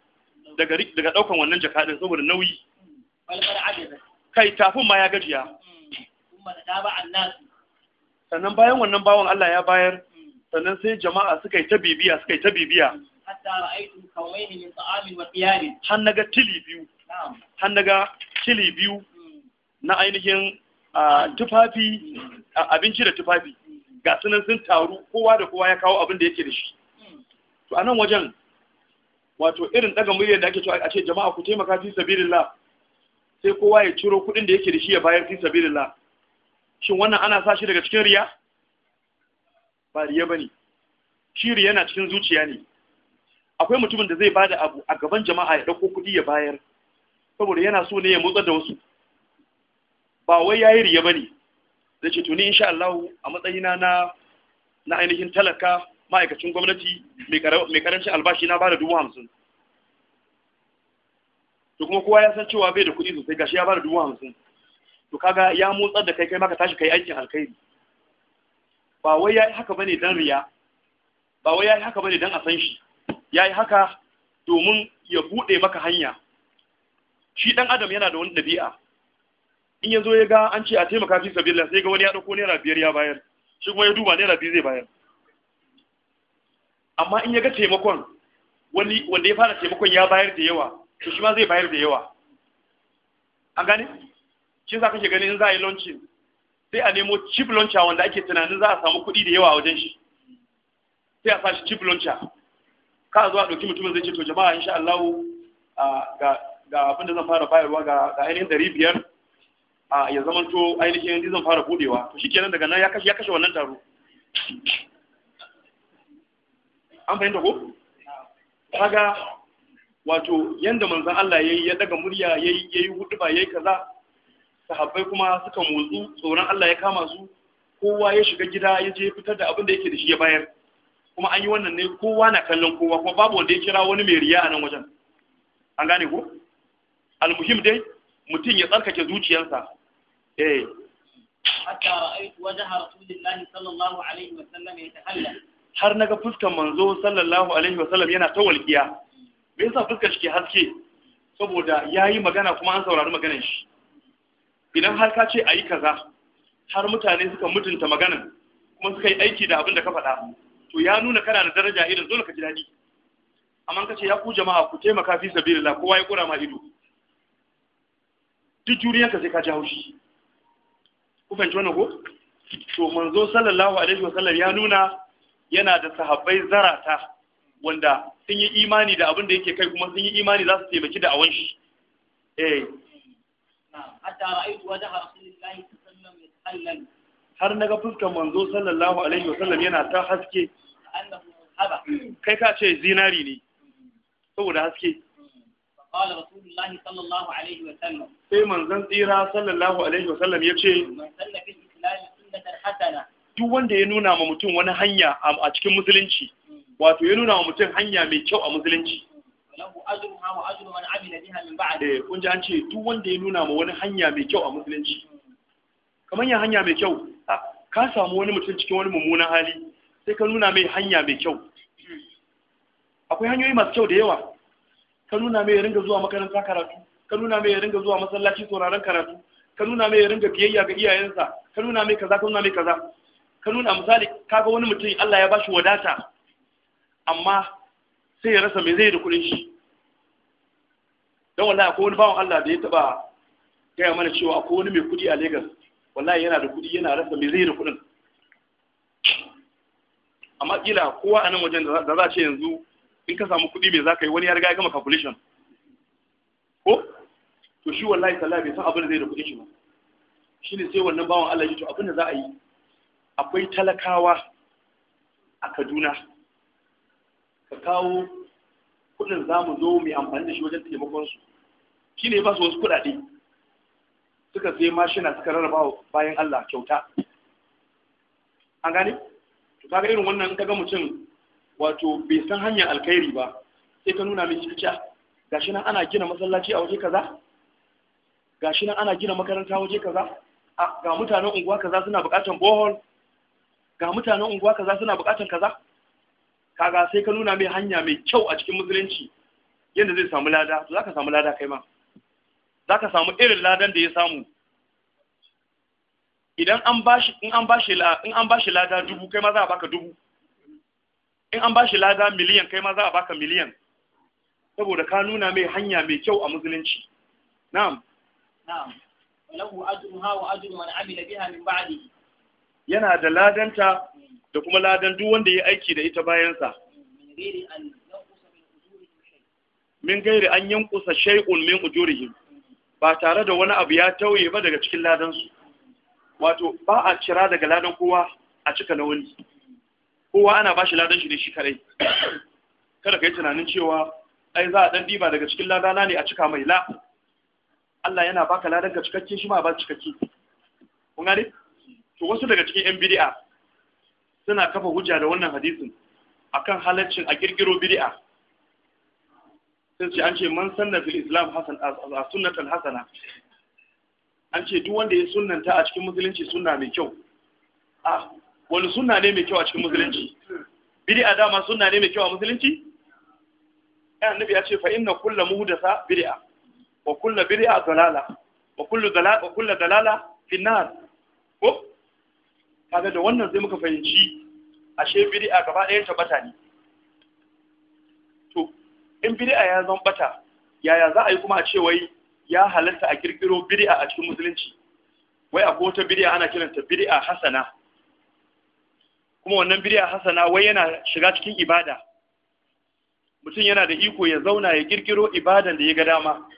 [SPEAKER 1] daga daukan wannan jakadin saboda nauyi
[SPEAKER 2] hmm.
[SPEAKER 1] kai tafin ma ya gajiya
[SPEAKER 2] hmm.
[SPEAKER 1] sannan bayan wannan bawan Allah ya bayar hmm. sannan sai jama'a suka yi ta bibiya suka yi ta bibiya har naga tili biyu har naga tili biyu na ainihin ah, tufafi abinci da tufafi ga sunan sun taru kowa da kowa ya kawo abin da yake da shi to a nan wajen wato irin daga muryar da ake cewa a ce jama'a ku taimaka fi sabilillah sai kowa ya ciro kuɗin da yake da shi ya bayar fi sabilillah shin wannan ana sa shi daga cikin riya ba riya bane shi riya na cikin zuciya ne akwai mutumin da zai bada abu a gaban jama'a ya dauko kuɗi ya bayar saboda yana so ne ya motsa da wasu ba wai yayi riya bane zai ce tuni insha Allah a matsayina na na ainihin talaka ma'aikacin gwamnati mai karancin albashi na bada dubu hamsin to kuma kowa ya san cewa bai da kuɗi sosai gashi ya bada dubu hamsin to kaga ya motsar da kai kai maka tashi kai aikin alkhairi ba wai yi haka bane dan riya ba wai yi haka bane dan a san shi yi haka domin ya buɗe maka hanya shi dan adam yana da wani ɗabi'a. in ya ya ga an ce a taimaka fi sabila sai ga wani ya ɗauko naira biyar ya bayar shi kuma ya duba naira biyu zai bayar amma in ya ga taimakon wani wanda ya fara taimakon ya bayar da yawa to shi ma zai bayar da yawa an gane shi za ke ganin za a yi launching sai a nemo cip launcher wanda ake tunanin za a samu kuɗi da yawa a wajen shi sai a sashi cip launcher ka zo a ɗauki mutumin zai ce to jama'a insha Allah ah, ga abin da zan fara bayarwa ga ainihin ɗari biyar a ya zama to ainihin yanzu zan fara budewa to shikenan daga nan ya kashe ya kashe wannan taro an fahimta ko kaga wato yanda manzon Allah yayi ya daga murya yayi yayi huduba yayi kaza sahabbai kuma suka motsu tsoron Allah ya kama su kowa ya shiga gida ya je fitar da abin da yake da shi ya bayar kuma an yi wannan ne kowa na kallon kowa kuma babu wanda ya kira wani mai riya a nan wajen an gane ko almuhim dai mutum ya tsarkake zuciyarsa Eh. har naga fuskar manzo sallallahu alaihi wa yana ta walƙiya. me yasa fuskar shi ke haske saboda yayi magana kuma an saurari maganar shi idan har ka ce ayi kaza har mutane suka mutunta maganar kuma suka yi aiki da abin da ka faɗa to ya nuna kana da daraja irin dole ka ji daɗi amma kace ce ya ku jama'a ku taimaka fi sabilillah kowa ya kura ma ido duk juriyanka sai ka ji haushi ku fahimci wannan ko to manzo sallallahu alaihi wasallam ya nuna yana da sahabbai zarata wanda sun yi imani da abin da yake kai kuma sun yi imani za su taimaki da awan shi eh har na ga fuskar manzo sallallahu alaihi wasallam yana ta haske kai ka ce zinari ne saboda haske
[SPEAKER 2] قال رسول الله صلى الله عليه وسلم
[SPEAKER 1] sai manzan tsira sallallahu alaihi wasallam yace man sanna duk wanda ya nuna ma mutum wani hanya a cikin musulunci wato ya nuna ma mutum hanya mai kyau a musulunci
[SPEAKER 2] eh
[SPEAKER 1] kun ji an ce duk wanda ya nuna ma wani hanya mai kyau a musulunci kamar ya hanya mai kyau ka samu wani mutum cikin wani mummunan hali sai ka nuna mai hanya mai kyau akwai hanyoyi masu kyau da yawa ka nuna mai ya ringa zuwa makaranta karatu ka nuna mai ya ringa zuwa masallaci sauraron karatu ka nuna mai ya ringa biyayya ga iyayensa ka nuna mai kaza ka nuna mai kaza ka nuna misali kaga wani mutum Allah ya bashi wadata amma sai ya rasa me zai da kuɗin shi don wallahi akwai wani bawan Allah da ya taba gaya mana cewa akwai wani mai kuɗi a Lagos wallahi yana da kuɗi yana rasa me zai da kuɗin amma kila kowa a nan wajen da za a ce yanzu in ka samu kuɗi mai za ka yi wani ya riga ya gama calculation ko to shi wallahi sallah bai san abin da zai da kuɗin shi ba Shi ne sai wannan bawan Allah ya ce abin da za a yi akwai talakawa a Kaduna ka kawo kuɗin za mu zo mai amfani da shi wajen taimakon su shi ne ba su wasu kuɗaɗe suka sai mashina suka rarraba bayan Allah kyauta an gane to kaga irin wannan ga mutum wato bai san hanyar alkhairi ba sai ka nuna mai cikiya shi nan ana gina masallaci a waje kaza shi nan ana gina makaranta waje kaza ga mutanen unguwa kaza suna buƙatar bohol ga mutanen unguwa kaza suna buƙatar kaza kaga sai ka nuna mai hanya mai kyau a cikin musulunci yadda zai samu lada to zaka samu lada kai ma zaka samu irin ladan da ya samu idan an bashi in an bashi in an bashi lada dubu kai ma za a baka dubu in an ba shi lada miliyan kai ma za a baka miliyan saboda ka nuna mai hanya mai kyau a musulunci na'am yana da ladanta da kuma ladan duk wanda ya aiki da ita bayan sa min gairi an yankusa shay'un min ujurihim ba tare da wani abu ya tauye ba daga cikin ladan wato ba a cira daga ladan kowa a cika na wani kowa ana bashi ladan shi ne shi kare kada ka yi tunanin cewa ai za a dan diba daga cikin ladana ne a cika mai la Allah yana baka ladan ka cikakke shi ma ba cikakke kun gane to wasu daga cikin yan bid'a suna kafa hujja da wannan hadisin akan halaccin a kirkiro bid'a sai ce an ce man sanna fil islam hasan as sunnatan hasana an ce duk wanda ya sunnanta a cikin musulunci sunna mai kyau ah wani suna ne mai kyau a cikin musulunci bid'a dama suna ne mai kyau a musulunci ya annabi ya ce fa inna kulla muhdasa bid'a wa kulla bid'a dalala wa kullu dalala wa kullu dalala fi nar ko kaga da wannan sai muka fahimci ashe bid'a gaba ɗaya ta bata ne to in bid'a ya zan bata yaya za a yi kuma a ce wai ya halatta a kirkiro bid'a a cikin musulunci wai akwai wata bid'a ana kiranta bid'a hasana kuma wannan bid'a hasana wai yana shiga cikin ibada mutum yana da iko ya zauna ya kirkiro ibadan da ya ga dama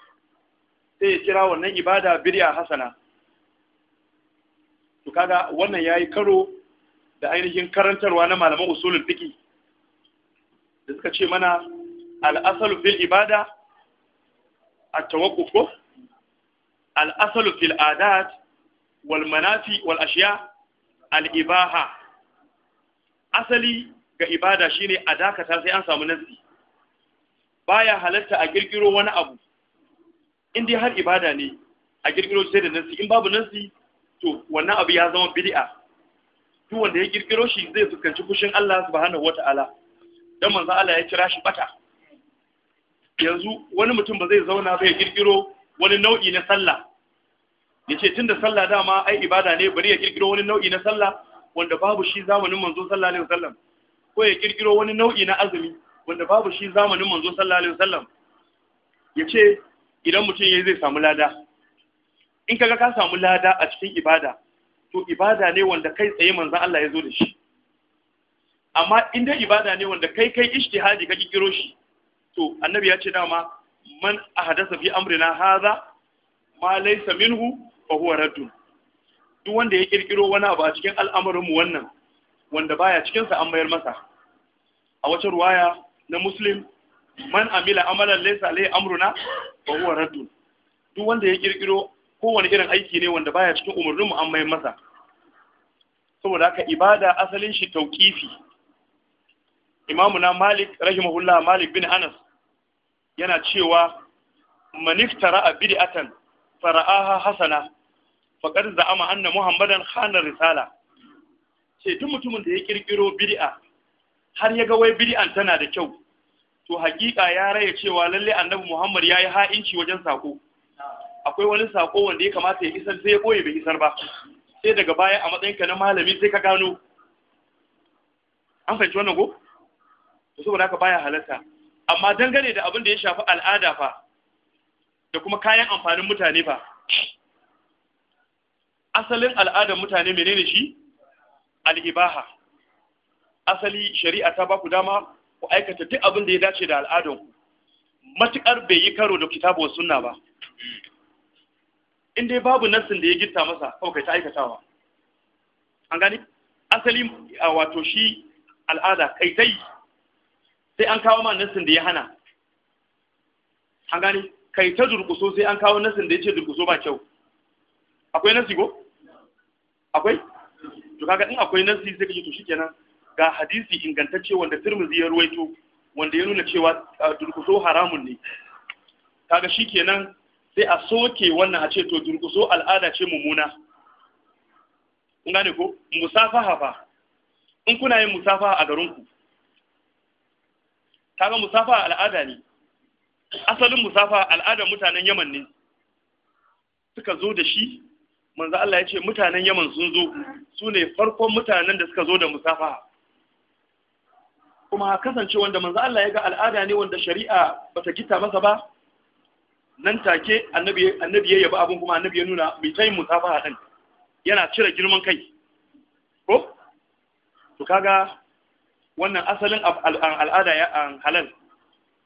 [SPEAKER 1] sai ya kira wannan ibada a hasana to kaga wannan yayi karo da ainihin karantarwa na malaman usulul fiqi da suka ce mana al-asalu fil ibada at-tawaqquf al-asalu fil adat wal manafi wal ashiya al-ibaha asali ga ibada shine a dakata sai an samu nasi baya halatta a girgiro wani abu in har ibada ne a girgiro sai da nasi in babu nasi to wannan abu ya zama bid'a to wanda ya girgiro shi zai fuskanci fushin Allah subhanahu wata'ala dan manzo Allah ya kira shi bata yanzu wani mutum ba zai zauna ba ya girgiro wani nau'i na sallah ya tunda sallah dama ai ibada ne bari ya girgiro wani nau'i na sallah wanda babu shi zamanin manzo sallallahu alaihi wasallam ko ya kirkiro wani nau'i na azumi wanda babu shi zamanin manzo sallallahu alaihi wasallam ya ce idan mutum yayi zai samu lada in kaga ka samu lada a cikin ibada to ibada ne wanda kai tsaye manzon Allah ya zo da shi amma in dai ibada ne wanda kai kai ijtihadi ka kirkiro shi to annabi ya ce dama man ahadasa fi amrina hadha ma laysa minhu fa huwa raddun duk wanda ya kirkiro wani abu a cikin al'amarinmu wannan wanda baya cikinsa an mayar masa a wacce ruwaya na muslim man amila amalan laysa alayhi amruna fa huwa raddun duk wanda ya kirkiro kowane irin aiki ne wanda baya cikin umarninmu an mayar masa saboda haka ibada asalin shi tauqifi imamuna malik rahimahullah malik bin anas yana cewa maniftara a bid'atan fara'aha hasana faƙar za'ama anna muhammadan khana risala ce duk mutumin da ya kirkiro bid'a har ya ga wai bid'an tana da kyau to haƙiƙa ya raya cewa lalle annabi muhammad ya yi ha'inci wajen sako akwai wani sako wanda ya kamata ya isar sai ya ɓoye bai isar ba sai daga baya a ka na malami sai ka gano an fahimci wannan ko to saboda haka baya halarta. amma dangane da abin da ya shafi al'ada fa da kuma kayan amfanin mutane fa asalin al'adar mutane menene shi al'ibaha asali shari'a ta baku dama ku aikata duk abin da ya dace da al'adar ku matukar bai yi karo da kitabu wa sunna ba in dai babu nassin da ya gitta masa kawai kai ta aikatawa an gani asali wato shi al'ada kai tai sai an kawo ma nassin da ya hana an gani kai ta durkuso sai an kawo nassin da ya ce durkuso ba kyau akwai nassi go akwai to kaga in akwai nasi sai kaje to shikenan ga hadisi ingantacce wanda Tirmidhi ya ruwaito wanda ya nuna cewa durkuso haramun ne kaga shikenan sai a soke wannan a ce to durkuso al'ada ce mummuna kun gane ko musafaha fa in kuna yin musafaha a garinku kaga musafaha al'ada ne asalin musafaha al'adar mutanen Yaman ne suka zo da shi manzo Allah ya ce mutanen Yaman sun zo su ne farkon mutanen da suka zo da musafaha kuma kasance wanda manzo Allah ya ga al'ada ne wanda shari'a bata gita masa ba nan take annabi annabi ya yaba abun kuma annabi ya nuna mai tayin musafaha din yana cire girman kai ko to kaga wannan asalin al'ada ya halal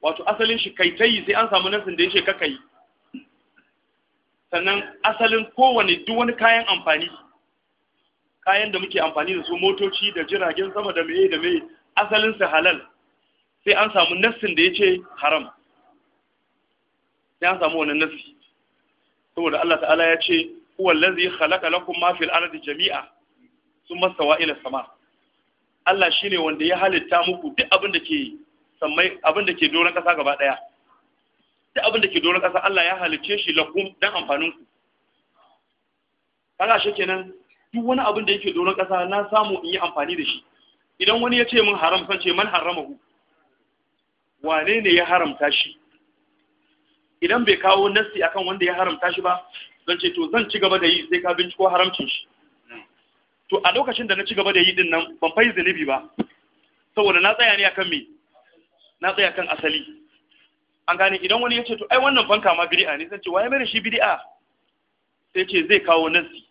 [SPEAKER 1] wato asalin shi kai tayi sai an samu nasin da yake kakai sannan asalin kowane duk wani kayan amfani kayan da muke amfani da su motoci da jiragen sama da meye da meye asalin su halal sai an samu nassin da ya ce haram sai an samu wani nassi saboda Allah ta'ala ya ce huwa allazi khalaqa lakum ma fil ardi jami'a thumma stawa ila sama Allah shine wanda ya halitta muku duk abin da ke sammai abin da ke doron kasa gaba daya duk abin da ke doron ƙasa Allah ya halicce shi lakum dan amfanin ku kaga shekenan duk wani abin da yake doron ƙasa na samu in yi amfani da shi idan wani ya ce min haram san ce man haramahu wane ne ya haramta shi idan bai kawo nassi akan wanda ya haramta shi ba zan ce to zan ci gaba da yi sai ka binciko haramcin shi to a lokacin da na ci gaba da yi din nan ban fai zunubi ba saboda na tsaya ne akan me na tsaya kan asali an gane idan wani ya ce to ai wannan fanka ma bid'a ne zance waye mai shi bid'a sai ce zai kawo nasi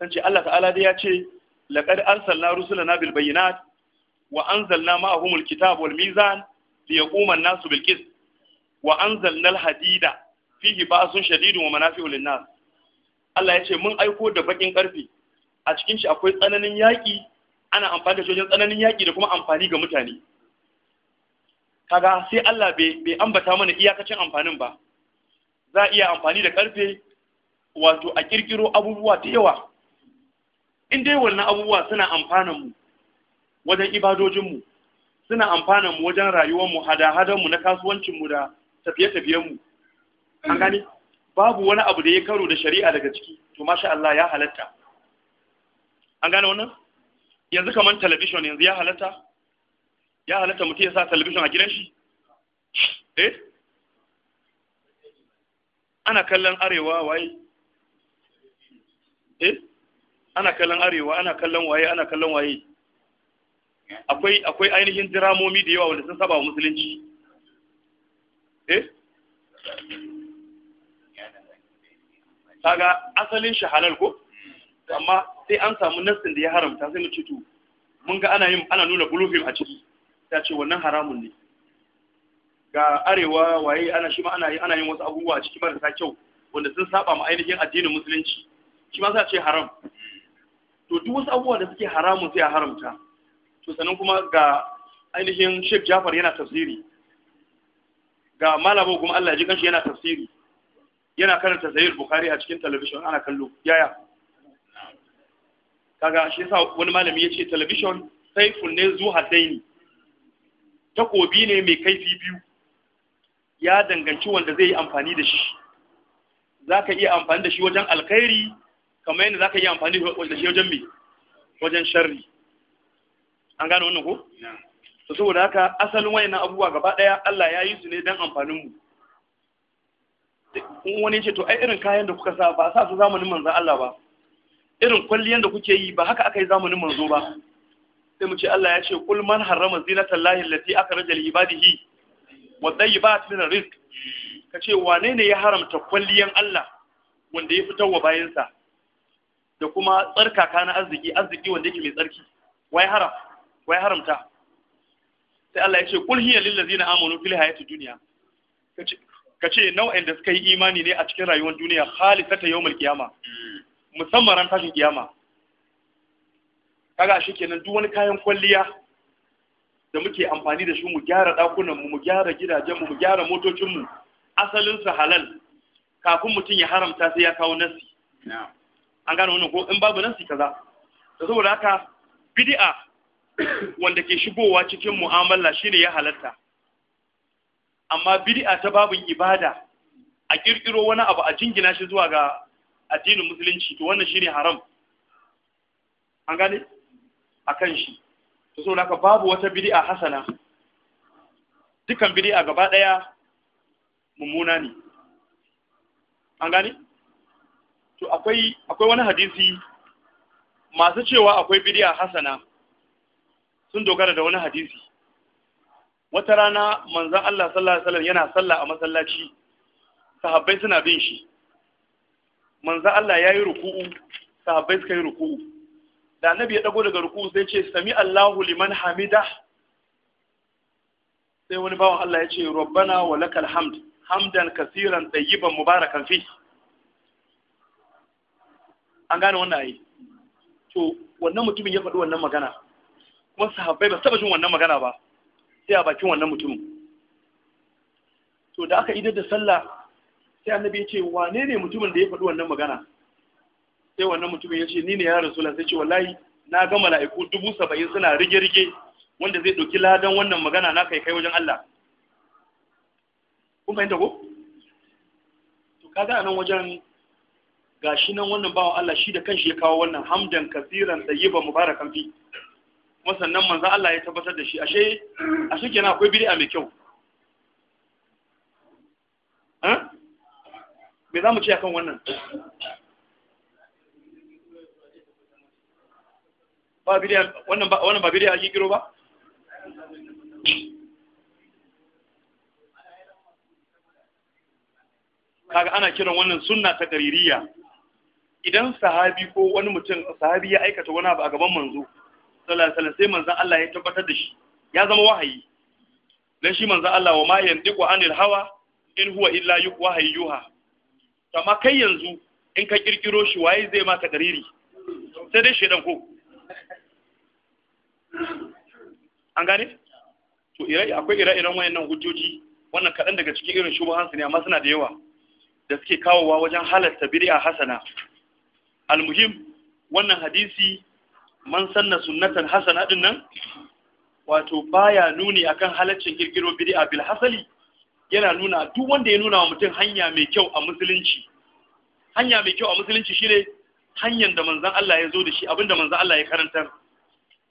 [SPEAKER 1] zance Allah ta'ala dai ya ce laqad arsalna rusulana bil bayyinat wa anzalna al kitaba wal mizan yaquma an-nasu bil qist wa anzalna al-hadida fihi ba'sun shadidun wa manafi'un lin-nas Allah ya ce mun aiko da bakin karfe a cikin shi akwai tsananin yaki ana amfani da shi tsananin yaki da kuma amfani ga mutane kaga sai Allah bai ambata mana iyakacin amfanin ba za a iya amfani da karfe wato a kirkiro abubuwa ta yawa in dai wannan abubuwa suna amfanan mu wajen ibadojin mu suna amfanan mu wajen rayuwar mu hada-hadan mu na kasuwancin mu da tafiye-tafiyen mu an mm. gani babu wani abu da ya karo da shari'a daga ciki to masha Allah ya halatta an gane wannan yanzu kamar talabishin yanzu ya halatta ya halatta mutum ya sa talibishin a gidan shi eh ana kallon arewa waye eh ana kallon arewa ana kallon waye ana kallon waye akwai akwai ainihin diramomi da yawa wanda sun saba wa musulunci eh kaga asalin shi halal ko amma sai an samu nassin da ya haramta sai mu ci mun ga ana yin ana nuna bulufin a ciki ta ce wannan haramun ne ga arewa waye ana shi ma ana yin ana yin wasu abubuwa a cikin marasa kyau wanda sun saba ma ainihin addinin musulunci shi ma za ce haram to duk wasu abubuwa da suke haramun sai a haramta to sannan kuma ga ainihin Sheikh Jafar yana tafsiri ga malamu kuma Allah ji kanshi yana tafsiri yana karanta Sahih Bukhari a cikin television ana kallo yaya kaga shi yasa wani malami ya ce television sai ne zuwa daini takobi ne mai kaifi biyu ya danganci wanda zai yi amfani da shi za ka iya amfani da shi wajen alkhairi kamar yadda za ka iya amfani da shi wajen mai wajen sharri an gano wannan ko? to saboda haka asalin na abubuwa gaba daya Allah ya yi su ne don amfaninmu wani ce to ai irin kayan da kuka sa ba sa su zamanin manzo Allah ba irin kwalliyan da kuke yi ba haka aka yi zamanin manzo ba sai mu ce Allah ya ce kul man harrama zinatan lahi allati akhraja li ibadihi wa tayyibat min rizq kace wane ne ya haramta kwalliyan Allah wanda ya fitar wa bayansa da kuma tsarkaka na arziki arziki wanda yake mai tsarki wai haram wai haramta sai Allah ya ce kul hiya lil ladina amanu fil hayati dunya kace kace nau'in da suka yi imani ne a cikin rayuwar duniya khalifata yawmal qiyama hmm. musamman ran tashin kiyama kaga shi kenan duk wani kayan kwalliya da muke amfani da shi mu gyara ɗakunanmu mu gyara gidajenmu mu gyara motocinmu asalinsa halal kafin mutum ya haramta sai ya kawo nasi an gano wannan ko in babu nasi kaza da saboda haka bid'a wanda ke shigowa cikin mu'amala shine ya halatta amma bid'a ta babu ibada a kirkiro wani abu a jingina shi zuwa ga addinin musulunci to wannan shine haram an gane a kan shi to so haka babu wata bid'a hasana dukan bid'a gaba daya mummuna ne an gani to akwai akwai wani hadisi masu cewa akwai bid'a hasana sun dogara da wani hadisi wata rana manzon Allah sallallahu alaihi wasallam yana sallah a masallaci sahabbai suna bin shi manzon Allah yayi ruku'u sahabbai suka yi ruku'u da annabi ya dago daga ruku sai ce sami Allahu liman hamida sai wani bawan Allah ya ce rabbana wa lakal hamd hamdan kaseeran tayyiban mubarakan fi an gane wannan ayi to wannan mutumin ya faɗi wannan magana kuma sahabbai ba su taɓa jin wannan magana ba sai a bakin wannan mutumin to da aka idar da sallah sai annabi ya ce wane ne mutumin da ya faɗi wannan magana sai wannan mutumin ya ce ni ne ya rasula sai ce wallahi na ga mala'iku dubu saba'in suna rige-rige wanda zai ɗauki ladan wannan magana na kai kai wajen Allah kun fahimta ko to kaga a nan wajen gashi nan wannan bawan Allah shi da kanshi ya kawo wannan hamdan kasiran tayyiban mubarakan fi kuma sannan manzo Allah ya tabbatar da shi ashe ashe kenan akwai bid'a mai kyau Me za mu ce akan wannan wannan ba bidiyar ba ba kaga ana kiran wannan suna ta ƙaririya idan sahabi ko wani mutum sahabi ya aikata wani abu a gaban manzo sallallahu sai manzan Allah ya tabbatar da shi ya zama wahayi dan shi manzan Allah wa ma yandiqu anil hawa in huwa illa yi wahayyuha to kai yanzu in ka ƙirƙiro shi waye zai mata dariri sai dai shedan ko an gane to akwai ire-iren wayannan hujjoji wannan kaɗan daga cikin irin hansu ne amma suna da yawa da suke kawowa wajen halatta bid'a hasana almuhim wannan hadisi man sanna sunnatan hasana din nan wato baya nuni akan halaccin girgiro bid'a bil hasali yana nuna duk wanda ya nuna wa mutum hanya mai kyau a musulunci hanya mai kyau a musulunci ne? hanyar da manzan Allah ya zo da shi abinda manzan Allah ya karantar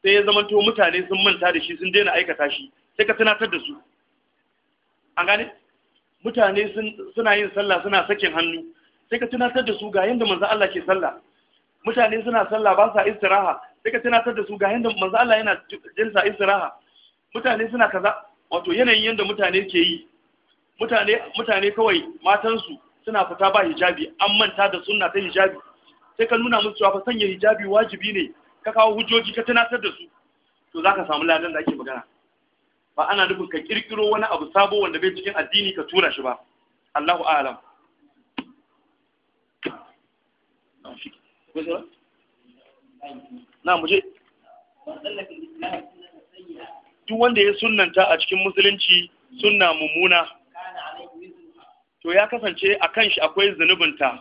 [SPEAKER 1] sai ya zama to mutane sun manta da shi sun daina aikata shi sai ka tunatar da su an gane mutane suna yin sallah suna sakin hannu sai ka tunatar da su ga yanda manzan Allah ke sallah mutane suna sallah ba sa istiraha sai ka tunatar da su ga yanda manzan Allah yana sa istiraha mutane suna kaza wato yanayin yanda mutane ke yi mutane mutane kawai matansu suna fita ba hijabi an manta da sunna ta hijabi sai ka nuna musu cewa fa sanya hijabi wajibi ne ka kawo hujjoji ka tunatar da su to za ka samu ladan da ake magana ba ana nufin ka kirkiro wani abu sabo wanda bai cikin addini ka tura shi ba Allahu a'lam na muje duk wanda ya sunnanta a cikin musulunci sunna mummuna to ya kasance a kan shi akwai zunubinta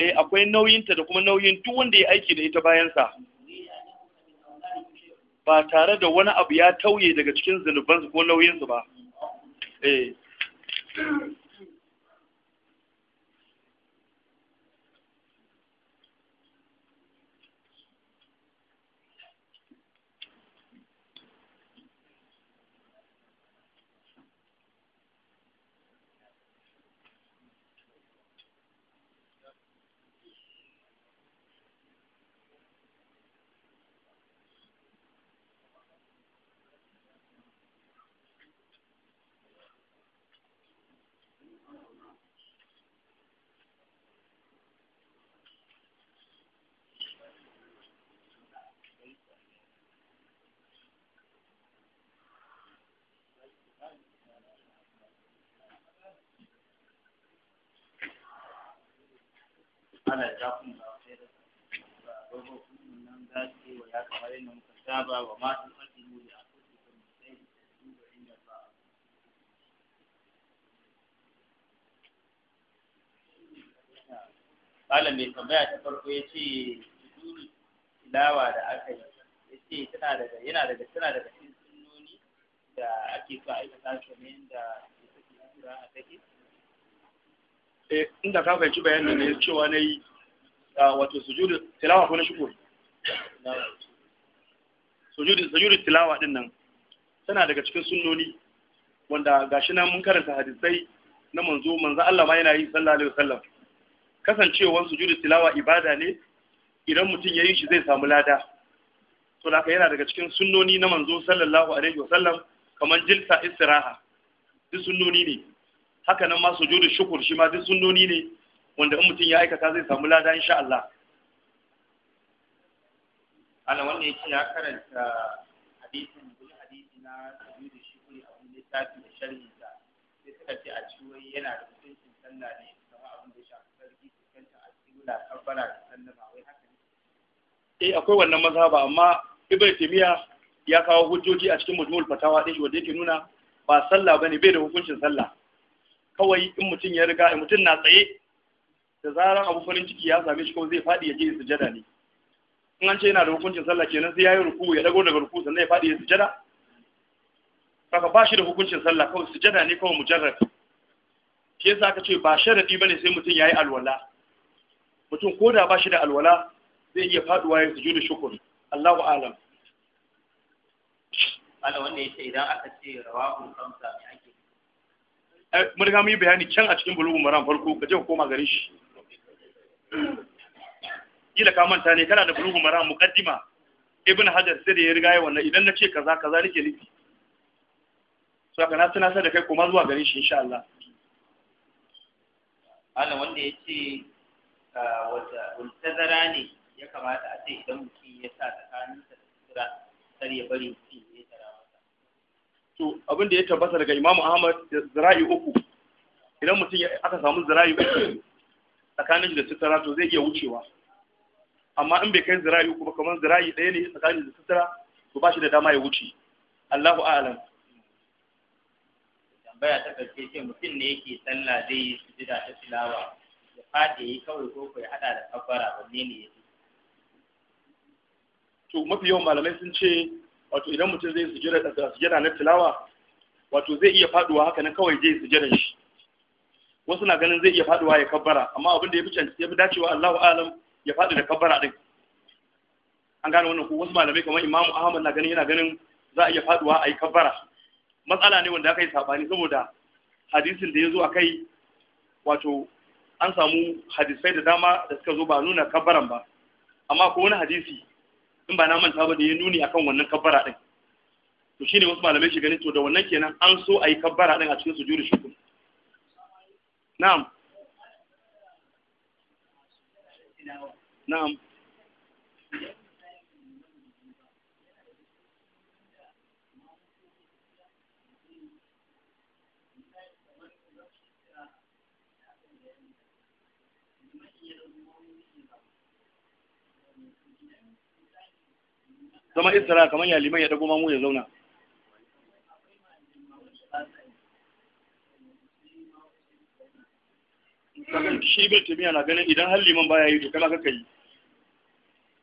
[SPEAKER 1] eh akwai nauyinta da kuma nauyin duk wanda ya aiki da ita bayansa ba tare da wani abu ya tauye daga cikin zunubansu ko nauyinsu ba eh
[SPEAKER 2] ما تشابه وما تقدموا لأنفسكم من ta farko ya ce tilawa da aka yi ya ce tana daga da ake so a yi su kamar yadda kira a
[SPEAKER 1] take. Eh inda ka fahimci bayanin ne cewa na yi wato sujudi tilawa ko na sojuri tilawa din nan tana daga cikin sunnoni wanda gashi nan mun karanta hadisai na manzo manzo Allah ma yana yi sallallahu alaihi wasallam kasancewar sujudi tilawa ibada ne idan mutum ya yi shi zai samu lada to da yana daga cikin sunnoni na manzo sallallahu alaihi wasallam kamar jilsa istiraha duk sunnoni ne haka nan ma sujudu shukur shi ma duk sunnoni ne wanda in mutum ya aikata zai samu lada insha Allah ala wanda ya ce ya karanta
[SPEAKER 2] hadisin wani hadisi na sabu da shi kuri a wani littafi da sharhin sa sai suka ce a ciwon yana da mutuncin sallah ne kamar abin da ya shafi sarki fuskantar alƙibla kabbala da sallah. ba wai haka ne
[SPEAKER 1] eh akwai wannan mazhaba amma ibn timiya ya kawo hujjoji a cikin mujmul fatawa din wanda yake nuna ba sallah bane bai da hukuncin sallah kawai in mutum ya riga mutum na tsaye da zaran abu farin ciki ya same shi kawai zai faɗi ya je sujada ne in an ce yana da hukuncin sallah kenan sai yayi ruku ya dago daga ruku sannan ya fadi ya sujada Kaka ba shi da hukuncin sallah kawai sujada ne kawai mujarrad shi yasa aka ce ba sharadi bane sai mutum yayi alwala mutum ko da ba shi da alwala zai iya faduwa ya sujudu shukr Allahu a'lam
[SPEAKER 2] ala wanda yace idan aka ce rawahu khamsa me ake
[SPEAKER 1] eh, mun ga mun yi bayani can a cikin bulugul maran farko ka je koma garin shi kila ka manta ne kana da bulugu mara muqaddima ibn hajar sai da ya riga ya wannan idan na ce kaza kaza nake nufi so kana tana sai da kai kuma zuwa gare shi insha Allah
[SPEAKER 2] ana wanda ya ce ah, wata tazara ne ya kamata a ce idan mutum ya sa tsakanin da tsira sai ya bari mutum ya tsara masa
[SPEAKER 1] to abin da ya tabbata daga imamu Ahmad zira'i uku idan mutum aka samu zira'i uku tsakanin da tsira to zai iya wucewa amma in bai kai zirayi, ko kuma kamar zira'i ɗaya ne tsakanin da sutura to ba shi da dama ya wuce Allahu a'lam
[SPEAKER 2] tambaya ta karshe ce mutum ne
[SPEAKER 1] yake sallah zai yi sujida ta tilawa ya fade yi kawai ko ya hada da kafara wanne ne yake to mafi yawan malamai sun ce wato idan mutum zai sujida da sujida na tilawa wato zai iya faduwa haka nan kawai zai sujidan shi wasu na ganin zai iya faduwa ya kabbara amma abin da ya fi dacewa Allahu a'lam ya faɗi da kabbara ɗin? an gane wannan ko wasu malamai kamar imamu ahmad na ganin yana ganin za a iya faduwa a yi kabbara matsala ne wanda aka yi saɓani saboda hadisin da ya zo a kai wato an samu hadisai da dama da suka zo ba nuna kabbaran ba amma ko wani hadisi in ba na manta ba da ya nuni akan wannan kabbara ɗin. to shine wasu malamai shi ganin to da wannan kenan an so a yi kabbara ɗin a cikin sujudu shukun na'am na'am zama isra kamar yaliman ya dago mamu ya zauna shi bai taimiya na ganin idan har liman baya yi to kai ma kaka yi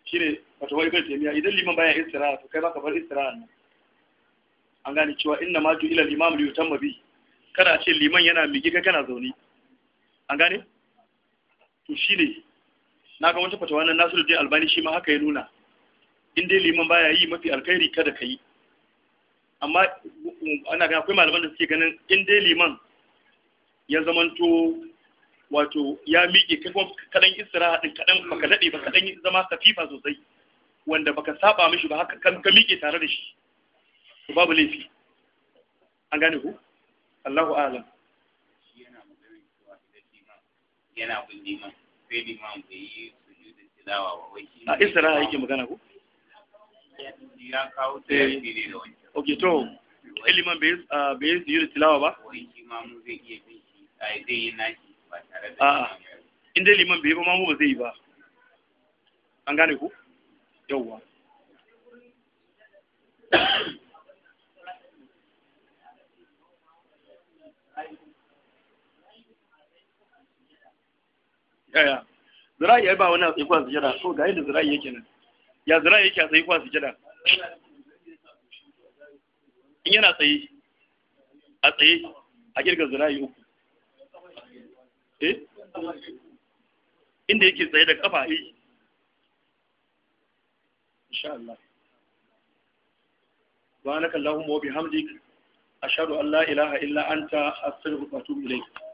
[SPEAKER 1] shi ne wata wai bai taimiya idan liman baya istiraha to kai ma ka bar istiraha nan an gane cewa inna ma tu ila limam li yutamma bi kada ce liman yana miki kai kana zaune an gane to shi ne na ga wata fatawa nan Nasiruddin Albani shi ma haka ya nuna in dai liman baya yi mafi alkhairi kada ka yi amma ana ga akwai malaman da suke ganin in dai liman ya zamanto wato ya miƙe ka kuma Isra, istiraha kaɗan baka daɗe ba kaɗan zama safifa sosai wanda baka saba mishi ba haka kan ka miƙe tare da shi to babu laifi an gane ku Allahu a'lam yana Isra cewa a yake magana ku ya to liman bai yi ah, sujudu tilawa ba a'a inda dai liman bai yi ba mamu ba zai yi ba an gane ku yawwa yaya zira'i ya ba wani a tsaye kwan sujada so ga yadda zira'i yake nan ya zira'i yake a tsaye su sujada in yana tsaye a tsaye a kirga zira'i uku eh inda yake tsaye da kafa yi eh. insha Allah subhanakallahumma wa bihamdika ashhadu an la ilaha illa anta astaghfiruka wa atubu ilayk